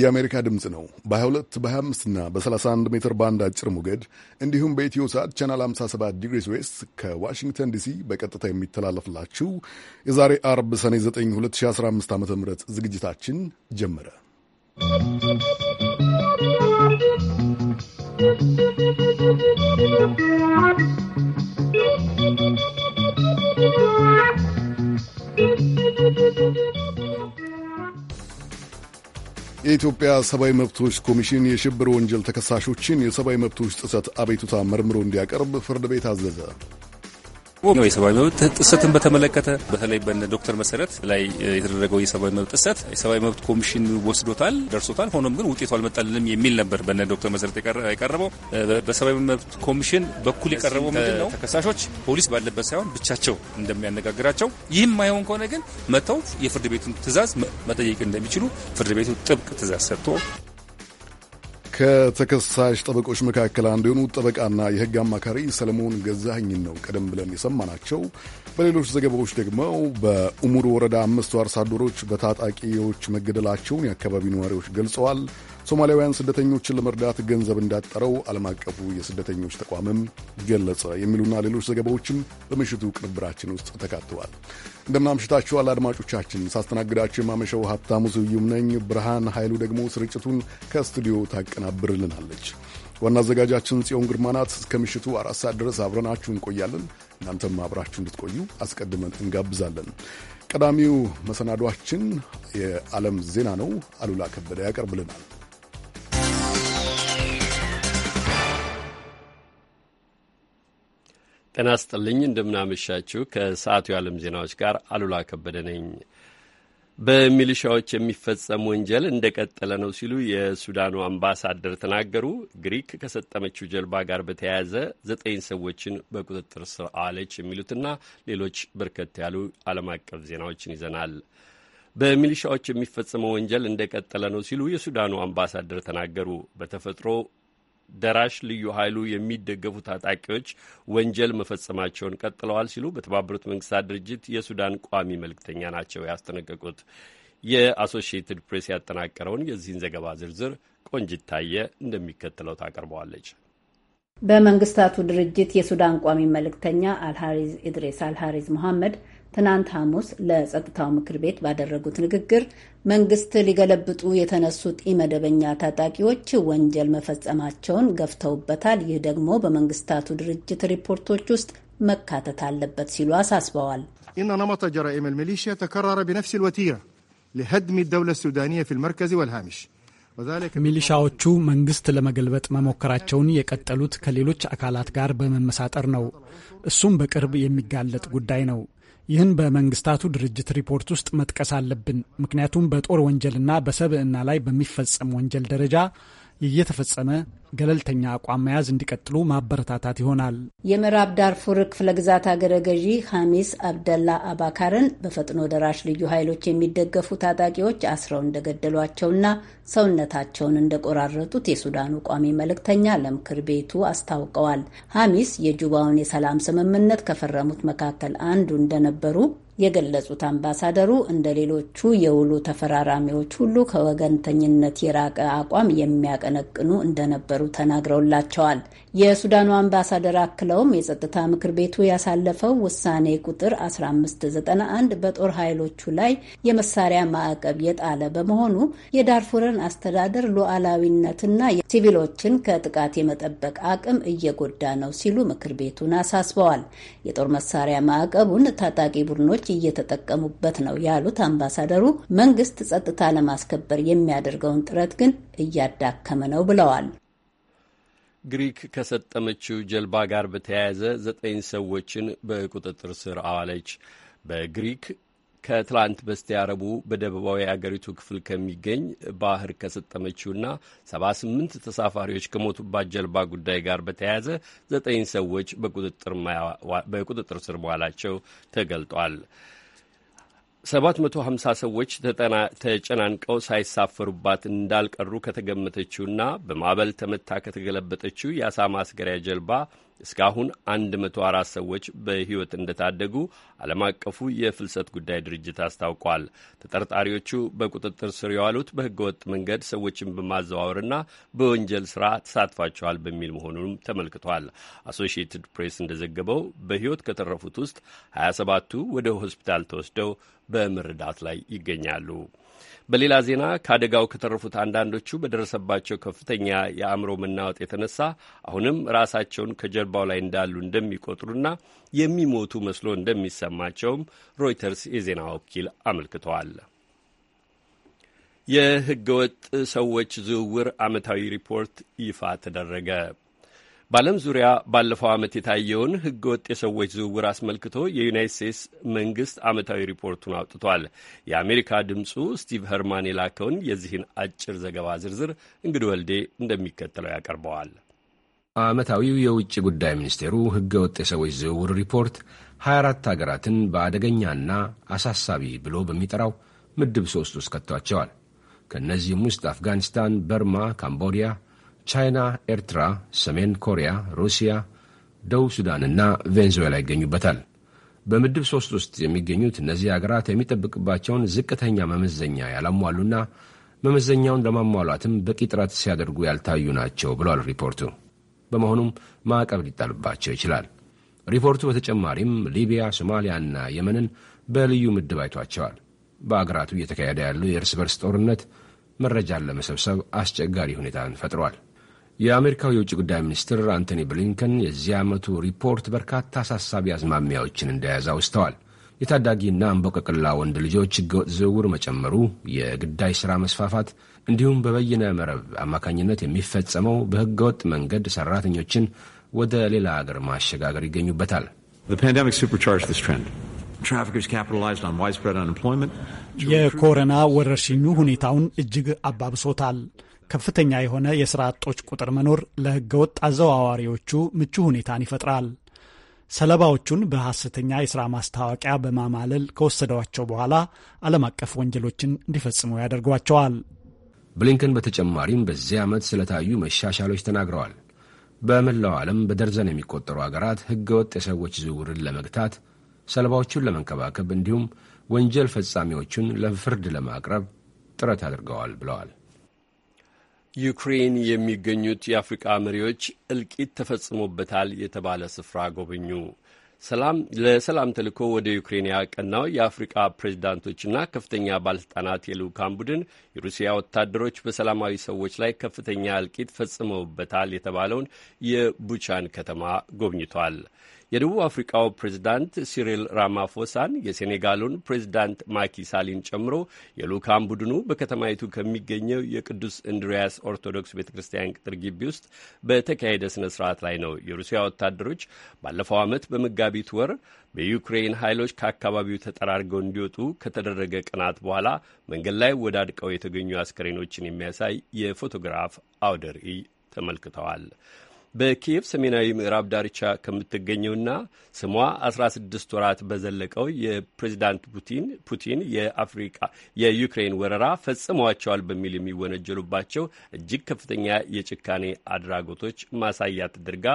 የአሜሪካ ድምፅ ነው። በ22 በ25 እና በ31 ሜትር ባንድ አጭር ሞገድ እንዲሁም በኢትዮ ሰዓት ቻናል 57 ዲግሪስ ዌስት ከዋሽንግተን ዲሲ በቀጥታ የሚተላለፍላችሁ የዛሬ አርብ ሰኔ 9 2015 ዓ ም ዝግጅታችን ጀመረ። ¶¶ የኢትዮጵያ ሰብአዊ መብቶች ኮሚሽን የሽብር ወንጀል ተከሳሾችን የሰብአዊ መብቶች ጥሰት አቤቱታ መርምሮ እንዲያቀርብ ፍርድ ቤት አዘዘ። የሰብአዊ መብት ጥሰትን በተመለከተ በተለይ በነ ዶክተር መሰረት ላይ የተደረገው የሰብአዊ መብት ጥሰት የሰብአዊ መብት ኮሚሽን ወስዶታል፣ ደርሶታል። ሆኖም ግን ውጤቱ አልመጣልንም የሚል ነበር በነ ዶክተር መሰረት የቀረበው። በሰብአዊ መብት ኮሚሽን በኩል የቀረበው ምንድን ነው? ተከሳሾች ፖሊስ ባለበት ሳይሆን ብቻቸው እንደሚያነጋግራቸው፣ ይህም አይሆን ከሆነ ግን መተው የፍርድ ቤቱን ትእዛዝ መጠየቅ እንደሚችሉ ፍርድ ቤቱ ጥብቅ ትእዛዝ ሰጥቶ ከተከሳሽ ጠበቆች መካከል አንዱ የሆኑት ጠበቃና የሕግ አማካሪ ሰለሞን ገዛኸኝን ነው ቀደም ብለን የሰማናቸው። በሌሎች ዘገባዎች ደግሞ በእሙር ወረዳ አምስቱ አርሶ አደሮች በታጣቂዎች መገደላቸውን የአካባቢው ነዋሪዎች ገልጸዋል። ሶማሊያውያን ስደተኞችን ለመርዳት ገንዘብ እንዳጠረው ዓለም አቀፉ የስደተኞች ተቋምም ገለጸ የሚሉና ሌሎች ዘገባዎችም በምሽቱ ቅንብራችን ውስጥ ተካተዋል። እንደምናምሽታችኋል አድማጮቻችን። ሳስተናግዳችሁ የማመሸው ሀብታሙ ስዩም ነኝ። ብርሃን ኃይሉ ደግሞ ስርጭቱን ከስቱዲዮ ታቀናብርልናለች። ዋና አዘጋጃችን ጽዮን ግርማ ናት። እስከ ምሽቱ አራት ሰዓት ድረስ አብረናችሁ እንቆያለን። እናንተም አብራችሁ እንድትቆዩ አስቀድመን እንጋብዛለን። ቀዳሚው መሰናዷችን የዓለም ዜና ነው። አሉላ ከበደ ያቀርብልናል። ጤና ስጥልኝ እንደምናመሻችሁ። ከሰዓቱ የዓለም ዜናዎች ጋር አሉላ ከበደ ነኝ። በሚሊሻዎች የሚፈጸም ወንጀል እንደቀጠለ ነው ሲሉ የሱዳኑ አምባሳደር ተናገሩ። ግሪክ ከሰጠመችው ጀልባ ጋር በተያያዘ ዘጠኝ ሰዎችን በቁጥጥር ስር አለች የሚሉትና ሌሎች በርከት ያሉ ዓለም አቀፍ ዜናዎችን ይዘናል። በሚሊሻዎች የሚፈጸመው ወንጀል እንደቀጠለ ነው ሲሉ የሱዳኑ አምባሳደር ተናገሩ። በተፈጥሮ ደራሽ ልዩ ኃይሉ የሚደገፉ ታጣቂዎች ወንጀል መፈጸማቸውን ቀጥለዋል ሲሉ በተባበሩት መንግስታት ድርጅት የሱዳን ቋሚ መልእክተኛ ናቸው ያስጠነቀቁት። የአሶሺየትድ ፕሬስ ያጠናቀረውን የዚህን ዘገባ ዝርዝር ቆንጅታየ እንደሚከተለው ታቀርበዋለች። በመንግስታቱ ድርጅት የሱዳን ቋሚ መልእክተኛ አልሃሪዝ ኢድሬስ አልሃሪዝ መሐመድ ትናንት ሐሙስ ለጸጥታው ምክር ቤት ባደረጉት ንግግር መንግስት ሊገለብጡ የተነሱት ኢመደበኛ ታጣቂዎች ወንጀል መፈጸማቸውን ገፍተውበታል። ይህ ደግሞ በመንግስታቱ ድርጅት ሪፖርቶች ውስጥ መካተት አለበት ሲሉ አሳስበዋል። ኢነ ነመጠ ጀራኢም ልሚሊሽያ ተከረረ ቢነፍስ ልወቲራ ሊሀድሚ ደውለ ሱዳንያ ፊ ልመርከዚ ወልሃሚሽ ሚሊሻዎቹ መንግስት ለመገልበጥ መሞከራቸውን የቀጠሉት ከሌሎች አካላት ጋር በመመሳጠር ነው። እሱም በቅርብ የሚጋለጥ ጉዳይ ነው። ይህን በመንግስታቱ ድርጅት ሪፖርት ውስጥ መጥቀስ አለብን። ምክንያቱም በጦር ወንጀልና በሰብዕና ላይ በሚፈጸም ወንጀል ደረጃ እየተፈጸመ ገለልተኛ አቋም መያዝ እንዲቀጥሉ ማበረታታት ይሆናል። የምዕራብ ዳርፉር ክፍለ ግዛት አገረ ገዢ ሐሚስ አብደላ አባካርን በፈጥኖ ደራሽ ልዩ ኃይሎች የሚደገፉ ታጣቂዎች አስረው እንደገደሏቸውና ሰውነታቸውን እንደቆራረጡት የሱዳኑ ቋሚ መልእክተኛ ለምክር ቤቱ አስታውቀዋል። ሐሚስ የጁባውን የሰላም ስምምነት ከፈረሙት መካከል አንዱ እንደነበሩ የገለጹት አምባሳደሩ እንደ ሌሎቹ የውሉ ተፈራራሚዎች ሁሉ ከወገንተኝነት የራቀ አቋም የሚያቀነቅኑ እንደነበሩ ተናግረውላቸዋል። የሱዳኑ አምባሳደር አክለውም የጸጥታ ምክር ቤቱ ያሳለፈው ውሳኔ ቁጥር 1591 በጦር ኃይሎቹ ላይ የመሳሪያ ማዕቀብ የጣለ በመሆኑ የዳርፉርን አስተዳደር ሉዓላዊነትና ሲቪሎችን ከጥቃት የመጠበቅ አቅም እየጎዳ ነው ሲሉ ምክር ቤቱን አሳስበዋል። የጦር መሳሪያ ማዕቀቡን ታጣቂ ቡድኖች እየተጠቀሙበት ነው ያሉት አምባሳደሩ መንግስት ጸጥታ ለማስከበር የሚያደርገውን ጥረት ግን እያዳከመ ነው ብለዋል። ግሪክ ከሰጠመችው ጀልባ ጋር በተያያዘ ዘጠኝ ሰዎችን በቁጥጥር ስር አዋለች። በግሪክ ከትላንት በስቲያ ረቡዕ በደቡባዊ አገሪቱ ክፍል ከሚገኝ ባህር ከሰጠመችውና 78 ተሳፋሪዎች ከሞቱባት ጀልባ ጉዳይ ጋር በተያያዘ ዘጠኝ ሰዎች በቁጥጥር ስር መዋላቸው ተገልጧል። 750 ሰዎች ተጨናንቀው ሳይሳፈሩባት እንዳልቀሩ ከተገመተችውና በማዕበል ተመታ ከተገለበጠችው የአሳ ማስገሪያ ጀልባ እስካሁን 104 ሰዎች በሕይወት እንደታደጉ ዓለም አቀፉ የፍልሰት ጉዳይ ድርጅት አስታውቋል። ተጠርጣሪዎቹ በቁጥጥር ስር የዋሉት ወጥ መንገድ ሰዎችን በማዘዋወርና በወንጀል ሥራ ተሳትፏቸዋል በሚል መሆኑንም ተመልክቷል። አሶሺየትድ ፕሬስ እንደዘገበው በሕይወት ከተረፉት ውስጥ 27ቱ ወደ ሆስፒታል ተወስደው በመረዳት ላይ ይገኛሉ። በሌላ ዜና ከአደጋው ከተረፉት አንዳንዶቹ በደረሰባቸው ከፍተኛ የአእምሮ መናወጥ የተነሳ አሁንም ራሳቸውን ከጀርባው ላይ እንዳሉ እንደሚቆጥሩና የሚሞቱ መስሎ እንደሚሰማቸውም ሮይተርስ የዜና ወኪል አመልክተዋል። የህገወጥ ሰዎች ዝውውር ዓመታዊ ሪፖርት ይፋ ተደረገ። በዓለም ዙሪያ ባለፈው ዓመት የታየውን ሕገ ወጥ የሰዎች ዝውውር አስመልክቶ የዩናይት ስቴትስ መንግስት ዓመታዊ ሪፖርቱን አውጥቷል። የአሜሪካ ድምፁ ስቲቭ ኸርማን የላከውን የዚህን አጭር ዘገባ ዝርዝር እንግዲ ወልዴ እንደሚከተለው ያቀርበዋል። ዓመታዊው የውጭ ጉዳይ ሚኒስቴሩ ሕገ ወጥ የሰዎች ዝውውር ሪፖርት 24 ሀገራትን በአደገኛና አሳሳቢ ብሎ በሚጠራው ምድብ ሶስት ውስጥ ከቷቸዋል። ከእነዚህም ውስጥ አፍጋኒስታን፣ በርማ፣ ካምቦዲያ ቻይና፣ ኤርትራ፣ ሰሜን ኮሪያ፣ ሩሲያ፣ ደቡብ ሱዳንና ቬንዙዌላ ይገኙበታል። በምድብ ሶስት ውስጥ የሚገኙት እነዚህ አገራት የሚጠብቅባቸውን ዝቅተኛ መመዘኛ ያላሟሉና መመዘኛውን ለማሟላትም በቂ ጥረት ሲያደርጉ ያልታዩ ናቸው ብሏል ሪፖርቱ። በመሆኑም ማዕቀብ ሊጣልባቸው ይችላል። ሪፖርቱ በተጨማሪም ሊቢያ፣ ሶማሊያና የመንን በልዩ ምድብ አይቷቸዋል። በአገራቱ እየተካሄደ ያለው የእርስ በርስ ጦርነት መረጃን ለመሰብሰብ አስቸጋሪ ሁኔታን ፈጥሯል። የአሜሪካው የውጭ ጉዳይ ሚኒስትር አንቶኒ ብሊንከን የዚህ ዓመቱ ሪፖርት በርካታ አሳሳቢ አዝማሚያዎችን እንደያዘ አውስተዋል። የታዳጊና እንቦቀቅላ ወንድ ልጆች ህገወጥ ዝውውር መጨመሩ፣ የግዳይ ሥራ መስፋፋት፣ እንዲሁም በበይነ መረብ አማካኝነት የሚፈጸመው በህገወጥ መንገድ ሠራተኞችን ወደ ሌላ አገር ማሸጋገር ይገኙበታል። የኮሮና ወረርሽኙ ሁኔታውን እጅግ አባብሶታል። ከፍተኛ የሆነ የስራ አጦች ቁጥር መኖር ለህገወጥ አዘዋዋሪዎቹ ምቹ ሁኔታን ይፈጥራል። ሰለባዎቹን በሐሰተኛ የሥራ ማስታወቂያ በማማለል ከወሰዷቸው በኋላ ዓለም አቀፍ ወንጀሎችን እንዲፈጽሙ ያደርጓቸዋል። ብሊንከን በተጨማሪም በዚህ ዓመት ስለታዩ መሻሻሎች ተናግረዋል። በመላው ዓለም በደርዘን የሚቆጠሩ አገራት ህገወጥ የሰዎች ዝውውርን ለመግታት ሰለባዎቹን ለመንከባከብ እንዲሁም ወንጀል ፈጻሚዎቹን ለፍርድ ለማቅረብ ጥረት አድርገዋል ብለዋል። ዩክሬን የሚገኙት የአፍሪቃ መሪዎች እልቂት ተፈጽሞበታል የተባለ ስፍራ ጎበኙ። ሰላም ለሰላም ተልእኮ ወደ ዩክሬን ያቀናው የአፍሪቃ ፕሬዚዳንቶችና ከፍተኛ ባለስልጣናት የልዑካን ቡድን የሩሲያ ወታደሮች በሰላማዊ ሰዎች ላይ ከፍተኛ እልቂት ፈጽመውበታል የተባለውን የቡቻን ከተማ ጎብኝቷል። የደቡብ አፍሪካው ፕሬዚዳንት ሲሪል ራማፎሳን የሴኔጋሉን ፕሬዚዳንት ማኪ ሳሊን ጨምሮ የልኡካን ቡድኑ በከተማይቱ ከሚገኘው የቅዱስ እንድሪያስ ኦርቶዶክስ ቤተ ክርስቲያን ቅጥር ግቢ ውስጥ በተካሄደ ስነ ስርዓት ላይ ነው። የሩሲያ ወታደሮች ባለፈው ዓመት በመጋቢት ወር በዩክሬን ኃይሎች ከአካባቢው ተጠራርገው እንዲወጡ ከተደረገ ቀናት በኋላ መንገድ ላይ ወዳድቀው የተገኙ አስከሬኖችን የሚያሳይ የፎቶግራፍ አውደ ርዕይ ተመልክተዋል። በኪየቭ ሰሜናዊ ምዕራብ ዳርቻ ከምትገኘውና ስሟ 16 ወራት በዘለቀው የፕሬዚዳንት ፑቲን የአፍሪካ የዩክሬን ወረራ ፈጽመዋቸዋል በሚል የሚወነጀሉባቸው እጅግ ከፍተኛ የጭካኔ አድራጎቶች ማሳያ ተደርጋ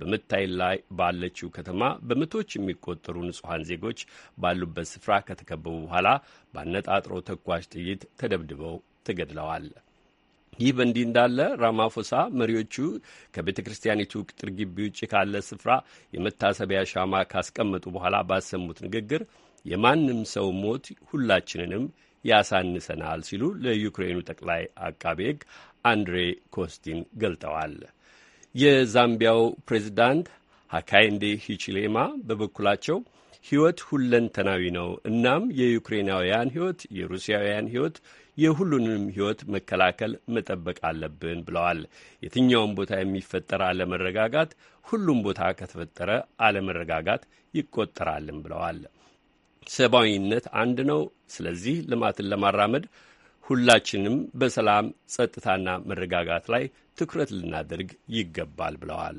በመታይ ላይ ባለችው ከተማ በመቶዎች የሚቆጠሩ ንጹሐን ዜጎች ባሉበት ስፍራ ከተከበቡ በኋላ ባነጣጥሮ ተኳሽ ጥይት ተደብድበው ተገድለዋል። ይህ በእንዲህ እንዳለ ራማፎሳ መሪዎቹ ከቤተ ክርስቲያኒቱ ቅጥር ግቢ ውጭ ካለ ስፍራ የመታሰቢያ ሻማ ካስቀመጡ በኋላ ባሰሙት ንግግር የማንም ሰው ሞት ሁላችንንም ያሳንሰናል ሲሉ ለዩክሬኑ ጠቅላይ አቃቤ ሕግ አንድሬ ኮስቲን ገልጠዋል። የዛምቢያው ፕሬዚዳንት ሀካይንዴ ሂችሌማ በበኩላቸው ሕይወት ሁለንተናዊ ነው፣ እናም የዩክሬናውያን ሕይወት፣ የሩሲያውያን ሕይወት የሁሉንም ሕይወት መከላከል መጠበቅ አለብን ብለዋል። የትኛውም ቦታ የሚፈጠር አለመረጋጋት ሁሉም ቦታ ከተፈጠረ አለመረጋጋት ይቆጠራልም ብለዋል። ሰብአዊነት አንድ ነው። ስለዚህ ልማትን ለማራመድ ሁላችንም በሰላም ጸጥታና መረጋጋት ላይ ትኩረት ልናደርግ ይገባል ብለዋል።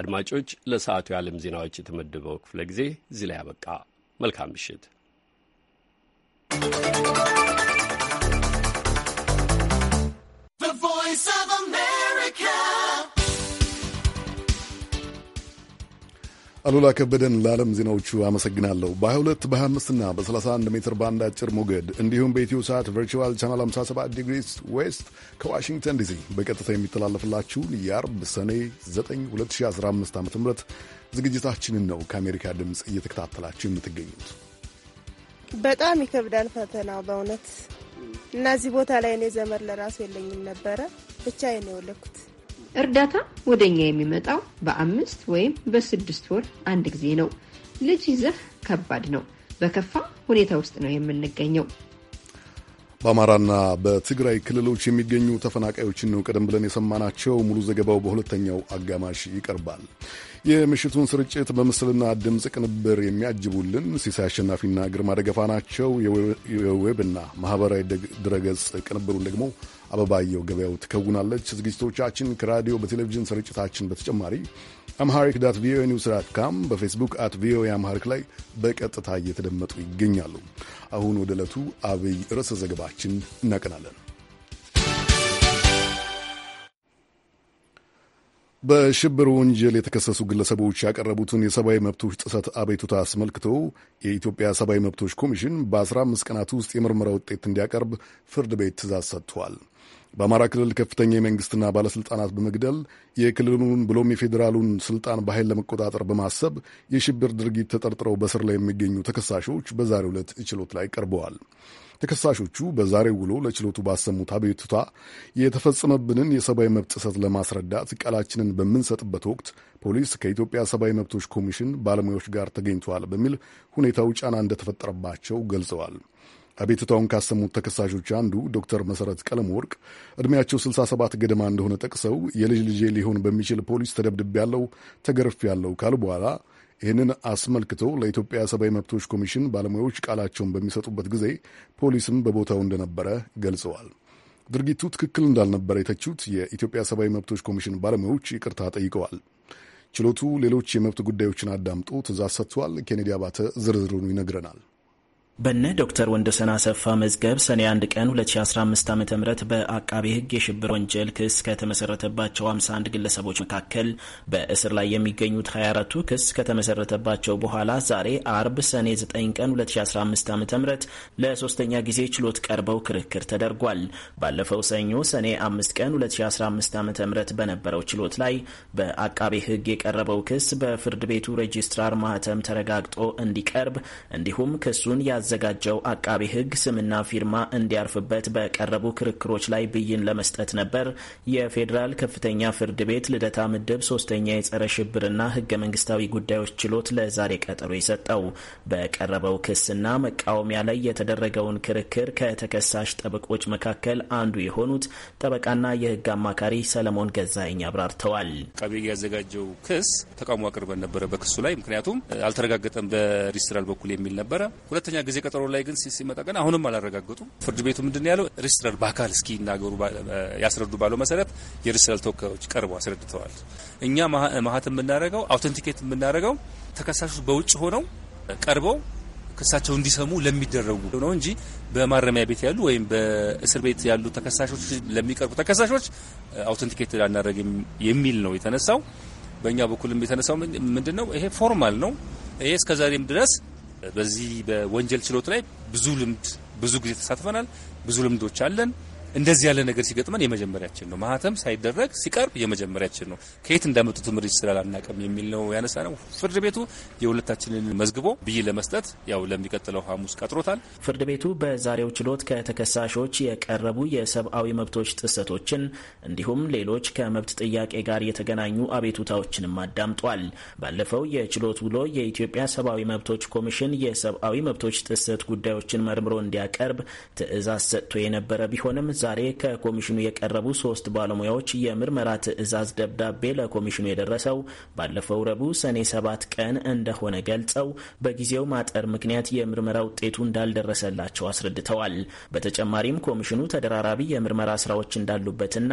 አድማጮች፣ ለሰዓቱ የዓለም ዜናዎች የተመደበው ክፍለ ጊዜ እዚህ ላይ ያበቃ። መልካም ምሽት። Voice of America. አሉላ ከበደን ለዓለም ዜናዎቹ አመሰግናለሁ። በ22 በ25 እና በ31 ሜትር ባንድ አጭር ሞገድ እንዲሁም በኢትዮ ሰዓት ቨርቹዋል ቻናል 57 ዲግሪስ ዌስት ከዋሽንግተን ዲሲ በቀጥታ የሚተላለፍላችሁን የአርብ ሰኔ 9 2015 ዓ ም ዝግጅታችንን ነው ከአሜሪካ ድምፅ እየተከታተላችሁ የምትገኙት። በጣም ይከብዳል ፈተናው በእውነት እናዚህ ቦታ ላይ እኔ ዘመድ ለራሱ የለኝም ነበረ፣ ብቻ ነው የወለኩት። እርዳታ ወደ እኛ የሚመጣው በአምስት ወይም በስድስት ወር አንድ ጊዜ ነው። ልጅ ይዘህ ከባድ ነው። በከፋ ሁኔታ ውስጥ ነው የምንገኘው። በአማራና በትግራይ ክልሎች የሚገኙ ተፈናቃዮችን ነው ቀደም ብለን የሰማናቸው። ሙሉ ዘገባው በሁለተኛው አጋማሽ ይቀርባል። የምሽቱን ስርጭት በምስልና ድምፅ ቅንብር የሚያጅቡልን ሲሳይ አሸናፊና ግርማ ደገፋ ናቸው። የዌብና ማህበራዊ ድረገጽ ቅንብሩን ደግሞ አበባየው ገበያው ትከውናለች። ዝግጅቶቻችን ከራዲዮ በቴሌቪዥን ስርጭታችን በተጨማሪ አምሃሪክ ዳት ቪኦኤ ኒውስ ዳት ካም በፌስቡክ አት ቪኦኤ አምሃሪክ ላይ በቀጥታ እየተደመጡ ይገኛሉ። አሁን ወደ ዕለቱ አብይ ርዕሰ ዘገባችን እናቀናለን። በሽብር ወንጀል የተከሰሱ ግለሰቦች ያቀረቡትን የሰብአዊ መብቶች ጥሰት አቤቱታ አስመልክቶ የኢትዮጵያ ሰብአዊ መብቶች ኮሚሽን በ15 ቀናት ውስጥ የምርመራ ውጤት እንዲያቀርብ ፍርድ ቤት ትእዛዝ ሰጥቷል። በአማራ ክልል ከፍተኛ የመንግስትና ባለስልጣናት በመግደል የክልሉን ብሎም የፌዴራሉን ስልጣን በኃይል ለመቆጣጠር በማሰብ የሽብር ድርጊት ተጠርጥረው በስር ላይ የሚገኙ ተከሳሾች በዛሬው ዕለት ችሎት ላይ ቀርበዋል። ተከሳሾቹ በዛሬው ውሎ ለችሎቱ ባሰሙት አቤቱታ የተፈጸመብንን የሰብአዊ መብት ጥሰት ለማስረዳት ቃላችንን በምንሰጥበት ወቅት ፖሊስ ከኢትዮጵያ ሰብአዊ መብቶች ኮሚሽን ባለሙያዎች ጋር ተገኝተዋል በሚል ሁኔታው ጫና እንደተፈጠረባቸው ገልጸዋል። አቤቱታውን ካሰሙት ተከሳሾች አንዱ ዶክተር መሰረት ቀለም ወርቅ ዕድሜያቸው 67 ገደማ እንደሆነ ጠቅሰው የልጅ ልጄ ሊሆን በሚችል ፖሊስ ተገርፍ ያለው ካሉ በኋላ ይህንን አስመልክቶ ለኢትዮጵያ ሰብአዊ መብቶች ኮሚሽን ባለሙያዎች ቃላቸውን በሚሰጡበት ጊዜ ፖሊስም በቦታው እንደነበረ ገልጸዋል። ድርጊቱ ትክክል እንዳልነበረ የተቹት የኢትዮጵያ ሰብአዊ መብቶች ኮሚሽን ባለሙያዎች ይቅርታ ጠይቀዋል። ችሎቱ ሌሎች የመብት ጉዳዮችን አዳምጦ ትእዛዝ ሰጥቷል። ኬኔዲ አባተ ዝርዝሩን ይነግረናል። በነ ዶክተር ወንደሰን አሰፋ መዝገብ ሰኔ 1 ቀን 2015 ዓ ም በአቃቤ ሕግ የሽብር ወንጀል ክስ ከተመሰረተባቸው 51 ግለሰቦች መካከል በእስር ላይ የሚገኙት 24ቱ ክስ ከተመሰረተባቸው በኋላ ዛሬ አርብ ሰኔ 9 ቀን 2015 ዓ ም ለሶስተኛ ጊዜ ችሎት ቀርበው ክርክር ተደርጓል። ባለፈው ሰኞ ሰኔ 5 ቀን 2015 ዓ ም በነበረው ችሎት ላይ በአቃቤ ሕግ የቀረበው ክስ በፍርድ ቤቱ ሬጂስትራር ማህተም ተረጋግጦ እንዲቀርብ እንዲሁም ክሱን ያ ያዘጋጀው አቃቢ ሕግ ስምና ፊርማ እንዲያርፍበት በቀረቡ ክርክሮች ላይ ብይን ለመስጠት ነበር የፌዴራል ከፍተኛ ፍርድ ቤት ልደታ ምድብ ሶስተኛ የጸረ ሽብርና ሕገ መንግስታዊ ጉዳዮች ችሎት ለዛሬ ቀጠሮ የሰጠው። በቀረበው ክስና መቃወሚያ ላይ የተደረገውን ክርክር ከተከሳሽ ጠበቆች መካከል አንዱ የሆኑት ጠበቃና የሕግ አማካሪ ሰለሞን ገዛኸኝ አብራርተዋል። ያዘጋጀው ክስ ተቃውሞ አቅርበን ነበረ በክሱ ላይ ምክንያቱም አልተረጋገጠም በሪስትራል በኩል የሚል ነበረ። ሁለተኛ ጊዜ በጊዜ ቀጠሮ ላይ ግን ሲመጣ ግን አሁንም አላረጋገጡም። ፍርድ ቤቱ ምንድን ያለው ሪስትረል በአካል እስኪ ይናገሩ ያስረዱ ባለው መሰረት የሪስትረል ተወካዮች ቀርበው አስረድተዋል። እኛ ማህተም የምናደርገው አውተንቲኬት የምናደርገው ተከሳሾች በውጭ ሆነው ቀርበው ክሳቸው እንዲሰሙ ለሚደረጉ ነው እንጂ በማረሚያ ቤት ያሉ ወይም በእስር ቤት ያሉ ተከሳሾች ለሚቀርቡ ተከሳሾች አውተንቲኬት አናደርግ የሚል ነው የተነሳው። በእኛ በኩልም የተነሳው ምንድን ነው ይሄ ፎርማል ነው። ይሄ እስከዛሬም ድረስ በዚህ በወንጀል ችሎት ላይ ብዙ ልምድ ብዙ ጊዜ ተሳትፈናል። ብዙ ልምዶች አለን። እንደዚህ ያለ ነገር ሲገጥመን የመጀመሪያችን ነው። ማህተም ሳይደረግ ሲቀርብ የመጀመሪያችን ነው። ከየት እንዳመጡት ምርጭ ስላላናቅም የሚል ነው ያነሳ ነው። ፍርድ ቤቱ የሁለታችንን መዝግቦ ብይ ለመስጠት ያው ለሚቀጥለው ሐሙስ ቀጥሮታል። ፍርድ ቤቱ በዛሬው ችሎት ከተከሳሾች የቀረቡ የሰብአዊ መብቶች ጥሰቶችን እንዲሁም ሌሎች ከመብት ጥያቄ ጋር የተገናኙ አቤቱታዎችንም አዳምጧል። ባለፈው የችሎት ውሎ የኢትዮጵያ ሰብአዊ መብቶች ኮሚሽን የሰብአዊ መብቶች ጥሰት ጉዳዮችን መርምሮ እንዲያቀርብ ትዕዛዝ ሰጥቶ የነበረ ቢሆንም ዛሬ ከኮሚሽኑ የቀረቡ ሶስት ባለሙያዎች የምርመራ ትዕዛዝ ደብዳቤ ለኮሚሽኑ የደረሰው ባለፈው ረቡዕ ሰኔ ሰባት ቀን እንደሆነ ገልጸው በጊዜው ማጠር ምክንያት የምርመራ ውጤቱ እንዳልደረሰላቸው አስረድተዋል። በተጨማሪም ኮሚሽኑ ተደራራቢ የምርመራ ስራዎች እንዳሉበትና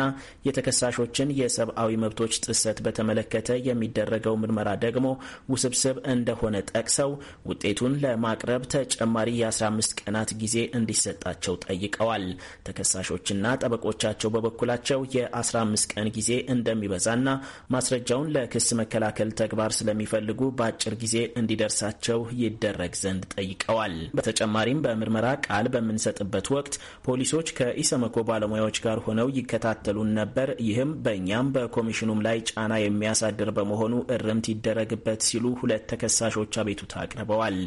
የተከሳሾችን የሰብአዊ መብቶች ጥሰት በተመለከተ የሚደረገው ምርመራ ደግሞ ውስብስብ እንደሆነ ጠቅሰው ውጤቱን ለማቅረብ ተጨማሪ የ15 ቀናት ጊዜ እንዲሰጣቸው ጠይቀዋል። ተከሳሾ ተከሳሾችና ጠበቆቻቸው በበኩላቸው የ15 ቀን ጊዜ እንደሚበዛና ማስረጃውን ለክስ መከላከል ተግባር ስለሚፈልጉ በአጭር ጊዜ እንዲደርሳቸው ይደረግ ዘንድ ጠይቀዋል። በተጨማሪም በምርመራ ቃል በምንሰጥበት ወቅት ፖሊሶች ከኢሰመኮ ባለሙያዎች ጋር ሆነው ይከታተሉን ነበር። ይህም በእኛም በኮሚሽኑም ላይ ጫና የሚያሳድር በመሆኑ እርምት ይደረግበት ሲሉ ሁለት ተከሳሾች አቤቱታ አቅርበዋል።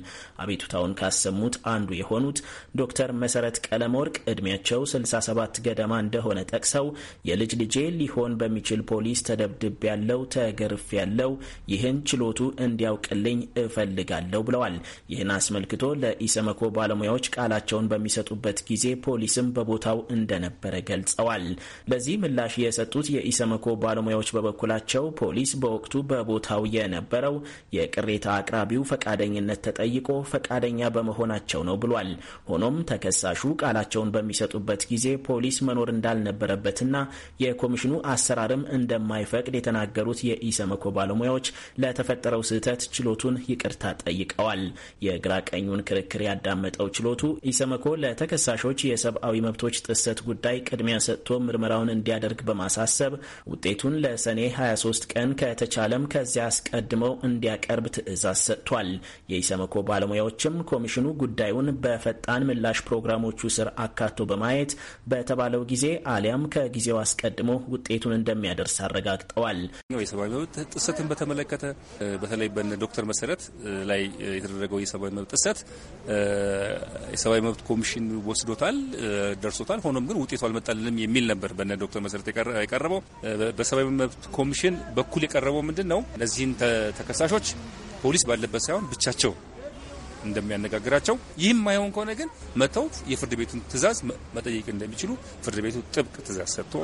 አቤቱታውን ካሰሙት አንዱ የሆኑት ዶክተር መሰረት ቀለመወርቅ ዕድሜያቸው 67 ሰባት ገደማ እንደሆነ ጠቅሰው የልጅ ልጄ ሊሆን በሚችል ፖሊስ ተደብድብ ያለው ተገርፍ ያለው ይህን ችሎቱ እንዲያውቅልኝ እፈልጋለሁ ብለዋል። ይህን አስመልክቶ ለኢሰመኮ ባለሙያዎች ቃላቸውን በሚሰጡበት ጊዜ ፖሊስም በቦታው እንደነበረ ገልጸዋል። ለዚህ ምላሽ የሰጡት የኢሰመኮ ባለሙያዎች በበኩላቸው ፖሊስ በወቅቱ በቦታው የነበረው የቅሬታ አቅራቢው ፈቃደኝነት ተጠይቆ ፈቃደኛ በመሆናቸው ነው ብሏል። ሆኖም ተከሳሹ ቃላቸውን በሚሰጡበት ጊዜ ፖሊስ መኖር እንዳልነበረበትና የኮሚሽኑ አሰራርም እንደማይፈቅድ የተናገሩት የኢሰመኮ ባለሙያዎች ለተፈጠረው ስህተት ችሎቱን ይቅርታ ጠይቀዋል። የግራ ቀኙን ክርክር ያዳመጠው ችሎቱ ኢሰመኮ ለተከሳሾች የሰብአዊ መብቶች ጥሰት ጉዳይ ቅድሚያ ሰጥቶ ምርመራውን እንዲያደርግ በማሳሰብ ውጤቱን ለሰኔ 23 ቀን ከተቻለም ከዚያ አስቀድመው እንዲያቀርብ ትዕዛዝ ሰጥቷል። የኢሰመኮ ባለሙያዎችም ኮሚሽኑ ጉዳዩን በፈጣን ምላሽ ፕሮግራሞቹ ስር አካቶ በማየት በ በተባለው ጊዜ አሊያም ከጊዜው አስቀድሞ ውጤቱን እንደሚያደርስ አረጋግጠዋል። የሰብአዊ መብት ጥሰትን በተመለከተ በተለይ በነ ዶክተር መሰረት ላይ የተደረገው የሰብአዊ መብት ጥሰት የሰብአዊ መብት ኮሚሽን ወስዶታል፣ ደርሶታል። ሆኖም ግን ውጤቱ አልመጣልንም የሚል ነበር በነ ዶክተር መሰረት የቀረበው። በሰብአዊ መብት ኮሚሽን በኩል የቀረበው ምንድን ነው? እነዚህን ተከሳሾች ፖሊስ ባለበት ሳይሆን ብቻቸው እንደሚያነጋግራቸው ይህም ማይሆን ከሆነ ግን መተው የፍርድ ቤቱን ትዕዛዝ መጠየቅ እንደሚችሉ ፍርድ ቤቱ ጥብቅ ትዛዝ ሰጥቶ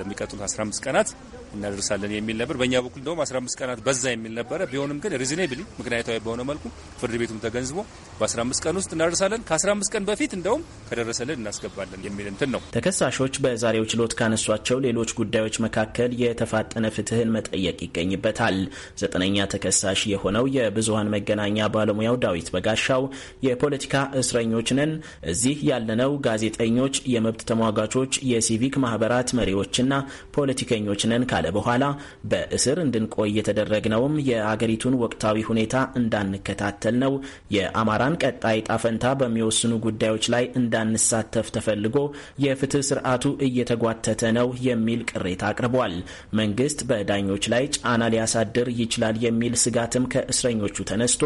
ለሚቀጥሉት 15 ቀናት እናደርሳለን የሚል ነበር። በእኛ በኩል እንደውም 15 ቀናት በዛ የሚል ነበረ። ቢሆንም ግን ሪዝኔብሊ ምክንያታዊ በሆነ መልኩ ፍርድ ቤቱም ተገንዝቦ በ15 ቀን ውስጥ እናደርሳለን፣ ከ15 ቀን በፊት እንደውም ከደረሰልን እናስገባለን የሚል እንትን ነው። ተከሳሾች በዛሬው ችሎት ካነሷቸው ሌሎች ጉዳዮች መካከል የተፋጠነ ፍትህን መጠየቅ ይገኝበታል። ዘጠነኛ ተከሳሽ የሆነው የብዙሀን መገናኛ ባለሙያው ዳዊት በጋሻው የፖለቲካ እስረኞች ነን፣ እዚህ ያለነው ጋዜጠኞች፣ የመብት ተሟጋቾች፣ የሲቪክ ማህበራት መሪዎችና ፖለቲከኞች ነን ካለ ካለ በኋላ በእስር እንድንቆይ የተደረግነውም የአገሪቱን ወቅታዊ ሁኔታ እንዳንከታተል ነው። የአማራን ቀጣይ ጣፈንታ በሚወስኑ ጉዳዮች ላይ እንዳንሳተፍ ተፈልጎ የፍትህ ስርዓቱ እየተጓተተ ነው የሚል ቅሬታ አቅርቧል። መንግስት በዳኞች ላይ ጫና ሊያሳድር ይችላል የሚል ስጋትም ከእስረኞቹ ተነስቶ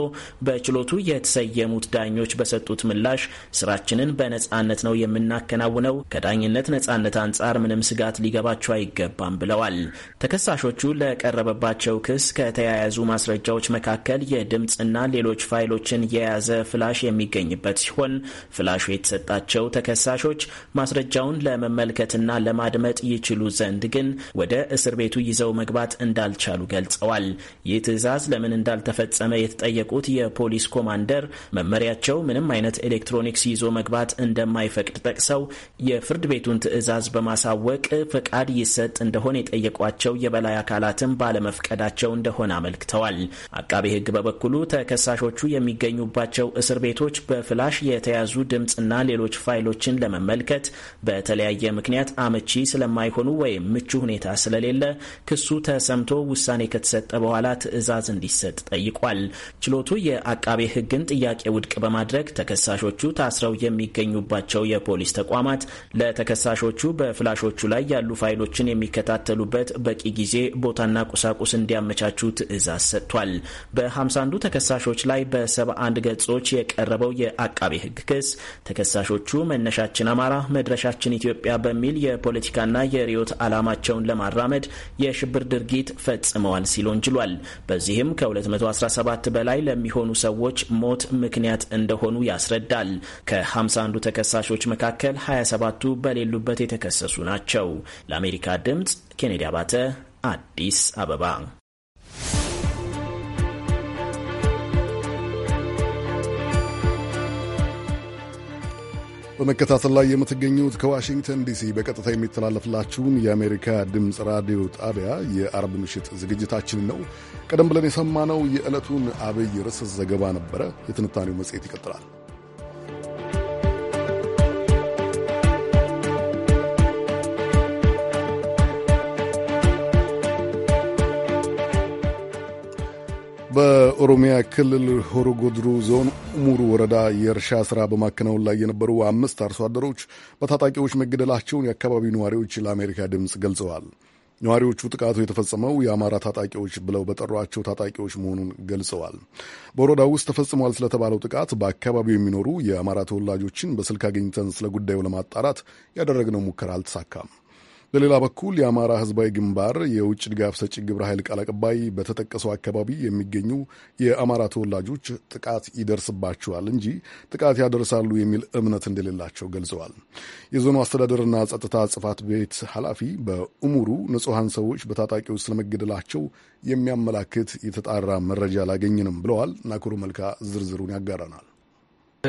በችሎቱ የተሰየሙት ዳኞች በሰጡት ምላሽ ስራችንን በነጻነት ነው የምናከናውነው፣ ከዳኝነት ነጻነት አንጻር ምንም ስጋት ሊገባቸው አይገባም ብለዋል። ተከሳሾቹ ለቀረበባቸው ክስ ከተያያዙ ማስረጃዎች መካከል የድምፅና ሌሎች ፋይሎችን የያዘ ፍላሽ የሚገኝበት ሲሆን ፍላሹ የተሰጣቸው ተከሳሾች ማስረጃውን ለመመልከትና ለማድመጥ ይችሉ ዘንድ ግን ወደ እስር ቤቱ ይዘው መግባት እንዳልቻሉ ገልጸዋል። ይህ ትዕዛዝ ለምን እንዳልተፈጸመ የተጠየቁት የፖሊስ ኮማንደር መመሪያቸው ምንም አይነት ኤሌክትሮኒክስ ይዞ መግባት እንደማይፈቅድ ጠቅሰው የፍርድ ቤቱን ትዕዛዝ በማሳወቅ ፈቃድ ይሰጥ እንደሆነ የጠየቋቸው የሚፈጽሟቸው የበላይ አካላትን ባለመፍቀዳቸው እንደሆነ አመልክተዋል። አቃቤ ሕግ በበኩሉ ተከሳሾቹ የሚገኙባቸው እስር ቤቶች በፍላሽ የተያዙ ድምፅና ሌሎች ፋይሎችን ለመመልከት በተለያየ ምክንያት አመቺ ስለማይሆኑ ወይም ምቹ ሁኔታ ስለሌለ ክሱ ተሰምቶ ውሳኔ ከተሰጠ በኋላ ትዕዛዝ እንዲሰጥ ጠይቋል። ችሎቱ የአቃቤ ሕግን ጥያቄ ውድቅ በማድረግ ተከሳሾቹ ታስረው የሚገኙባቸው የፖሊስ ተቋማት ለተከሳሾቹ በፍላሾቹ ላይ ያሉ ፋይሎችን የሚከታተሉበት በቂ ጊዜ ቦታና ቁሳቁስ እንዲያመቻቹ ትዕዛዝ ሰጥቷል። በ51ዱ ተከሳሾች ላይ በ71 ገጾች የቀረበው የአቃቤ ሕግ ክስ ተከሳሾቹ መነሻችን አማራ መድረሻችን ኢትዮጵያ በሚል የፖለቲካና የርዕዮት ዓላማቸውን ለማራመድ የሽብር ድርጊት ፈጽመዋል ሲል ወንጅሏል። በዚህም ከ217 በላይ ለሚሆኑ ሰዎች ሞት ምክንያት እንደሆኑ ያስረዳል። ከ51ዱ ተከሳሾች መካከል 27ቱ በሌሉበት የተከሰሱ ናቸው። ለአሜሪካ ድምፅ ኬኔዲ አባተ፣ አዲስ አበባ። በመከታተል ላይ የምትገኙት ከዋሽንግተን ዲሲ በቀጥታ የሚተላለፍላችሁን የአሜሪካ ድምፅ ራዲዮ ጣቢያ የአርብ ምሽት ዝግጅታችን ነው። ቀደም ብለን የሰማነው የዕለቱን አብይ ርዕስ ዘገባ ነበረ። የትንታኔው መጽሔት ይቀጥላል። በኦሮሚያ ክልል ሆሮ ዞን ሙሩ ወረዳ የእርሻ ስራ በማከናወን ላይ የነበሩ አምስት አርሶ አደሮች በታጣቂዎች መገደላቸውን የአካባቢው ነዋሪዎች ለአሜሪካ ድምፅ ገልጸዋል። ነዋሪዎቹ ጥቃቱ የተፈጸመው የአማራ ታጣቂዎች ብለው በጠሯቸው ታጣቂዎች መሆኑን ገልጸዋል። በወረዳው ውስጥ ተፈጽሟል ስለተባለው ጥቃት በአካባቢው የሚኖሩ የአማራ ተወላጆችን በስልክ አግኝተን ስለ ጉዳዩ ለማጣራት ያደረግነው ሙከራ አልተሳካም። በሌላ በኩል የአማራ ህዝባዊ ግንባር የውጭ ድጋፍ ሰጪ ግብረ ኃይል ቃል አቀባይ በተጠቀሰው አካባቢ የሚገኙ የአማራ ተወላጆች ጥቃት ይደርስባቸዋል እንጂ ጥቃት ያደርሳሉ የሚል እምነት እንደሌላቸው ገልጸዋል። የዞኑ አስተዳደርና ጸጥታ ጽፋት ቤት ኃላፊ በእሙሩ ንጹሐን ሰዎች በታጣቂዎች ስለመገደላቸው የሚያመላክት የተጣራ መረጃ አላገኝንም ብለዋል። ናኩሩ መልካ ዝርዝሩን ያጋራናል።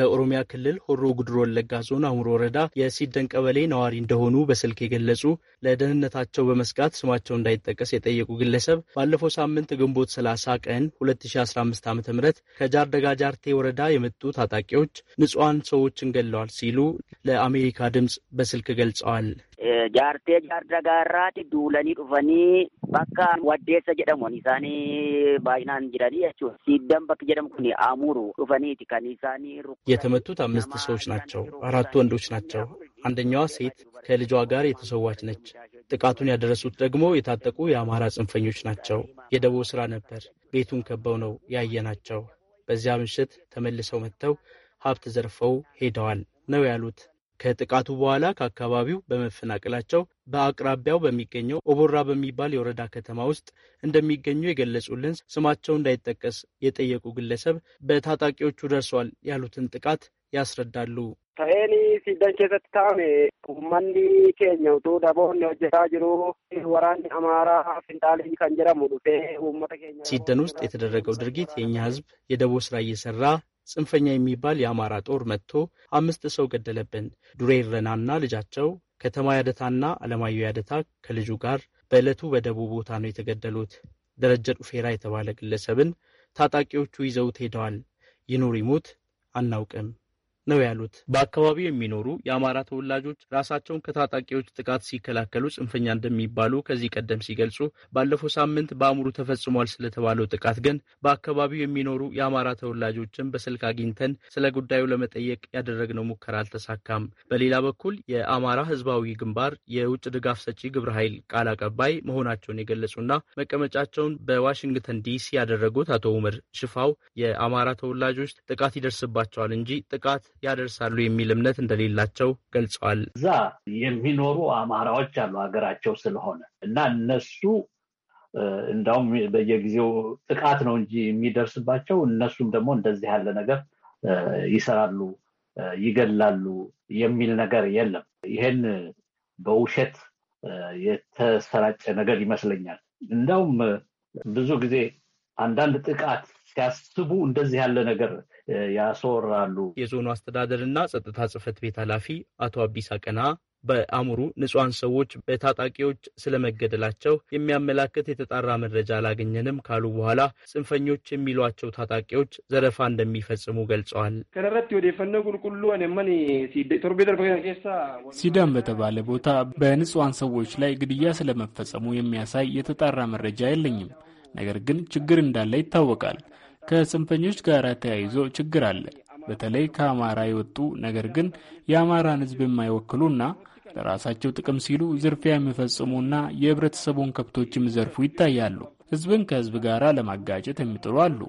በኦሮሚያ ክልል ሆሮ ጉድሮ ወለጋ ዞን አሙሮ ወረዳ የሲደን ቀበሌ ነዋሪ እንደሆኑ በስልክ የገለጹ ለደህንነታቸው በመስጋት ስማቸው እንዳይጠቀስ የጠየቁ ግለሰብ ባለፈው ሳምንት ግንቦት 30 ቀን 2015 ዓ ም ደጋ ጃርቴ ወረዳ የመጡ ታጣቂዎች ንጹሐን ሰዎችን ገለዋል ሲሉ ለአሜሪካ ድምፅ በስልክ ገልጸዋል። jaartee jaardagaarraati duulanii dhufanii bakka waddeessa jedhamu isaan baay'inaan jiranii jechuudha ሲደም በክ ጀደም ኩኒ አሙሩ ዱፈኒት ከኒሳኒ የተመቱት አምስት ሰዎች ናቸው። አራቱ ወንዶች ናቸው። አንደኛዋ ሴት ከልጇ ጋር የተሰዋች ነች። ጥቃቱን ያደረሱት ደግሞ የታጠቁ የአማራ ጽንፈኞች ናቸው። የደቦ ስራ ነበር። ቤቱን ከበው ነው ያየናቸው። በዚያ ምሽት ተመልሰው መጥተው ሀብት ዘርፈው ሄደዋል ነው ያሉት ከጥቃቱ በኋላ ከአካባቢው በመፈናቀላቸው በአቅራቢያው በሚገኘው ኦቦራ በሚባል የወረዳ ከተማ ውስጥ እንደሚገኙ የገለጹልን ስማቸው እንዳይጠቀስ የጠየቁ ግለሰብ በታጣቂዎቹ ደርሷል ያሉትን ጥቃት ያስረዳሉ። ተሄኒ ሲደን ኬሰት ታሜ ኡመኒ ኬኛ ቱ ደቦን ሆጀታ ጅሩ ወራን አማራ ፊንጣሌ ከንጀረሙ ዱፌ ሲደን ውስጥ የተደረገው ድርጊት የእኛ ህዝብ የደቦ ስራ እየሰራ ጽንፈኛ የሚባል የአማራ ጦር መጥቶ አምስት ሰው ገደለብን። ዱሬ ረናና ልጃቸው ከተማ ያደታና አለማየሁ ያደታ ከልጁ ጋር በዕለቱ በደቡ ቦታ ነው የተገደሉት። ደረጀ ጡፌራ የተባለ ግለሰብን ታጣቂዎቹ ይዘውት ሄደዋል። ይኑር ይሙት አናውቅም። ነው ያሉት። በአካባቢው የሚኖሩ የአማራ ተወላጆች ራሳቸውን ከታጣቂዎች ጥቃት ሲከላከሉ ጽንፈኛ እንደሚባሉ ከዚህ ቀደም ሲገልጹ፣ ባለፈው ሳምንት በአእምሩ ተፈጽሟል ስለተባለው ጥቃት ግን በአካባቢው የሚኖሩ የአማራ ተወላጆችን በስልክ አግኝተን ስለ ጉዳዩ ለመጠየቅ ያደረግነው ሙከራ አልተሳካም። በሌላ በኩል የአማራ ህዝባዊ ግንባር የውጭ ድጋፍ ሰጪ ግብረ ኃይል ቃል አቀባይ መሆናቸውን የገለጹና መቀመጫቸውን በዋሽንግተን ዲሲ ያደረጉት አቶ ኡመር ሽፋው የአማራ ተወላጆች ጥቃት ይደርስባቸዋል እንጂ ጥቃት ያደርሳሉ የሚል እምነት እንደሌላቸው ገልጸዋል። እዛ የሚኖሩ አማራዎች አሉ ሀገራቸው ስለሆነ እና እነሱ እንዳውም በየጊዜው ጥቃት ነው እንጂ የሚደርስባቸው እነሱም ደግሞ እንደዚህ ያለ ነገር ይሰራሉ፣ ይገላሉ የሚል ነገር የለም። ይሄን በውሸት የተሰራጨ ነገር ይመስለኛል። እንዳውም ብዙ ጊዜ አንዳንድ ጥቃት ሲያስቡ እንደዚህ ያለ ነገር ያስወራሉ። የዞኑ አስተዳደርና ጸጥታ ጽህፈት ቤት ኃላፊ አቶ አቢስ አቀና በአሙሩ ንጹሐን ሰዎች በታጣቂዎች ስለመገደላቸው የሚያመላክት የተጣራ መረጃ አላገኘንም ካሉ በኋላ ጽንፈኞች የሚሏቸው ታጣቂዎች ዘረፋ እንደሚፈጽሙ ገልጸዋል። ሲዳን በተባለ ቦታ በንጹሐን ሰዎች ላይ ግድያ ስለመፈጸሙ የሚያሳይ የተጣራ መረጃ የለኝም። ነገር ግን ችግር እንዳለ ይታወቃል። ከጽንፈኞች ጋር ተያይዞ ችግር አለ። በተለይ ከአማራ የወጡ ነገር ግን የአማራን ሕዝብ የማይወክሉና ለራሳቸው ጥቅም ሲሉ ዝርፊያ የሚፈጽሙና የህብረተሰቡን ከብቶች የሚዘርፉ ይታያሉ። ሕዝብን ከሕዝብ ጋር ለማጋጨት የሚጥሩ አሉ።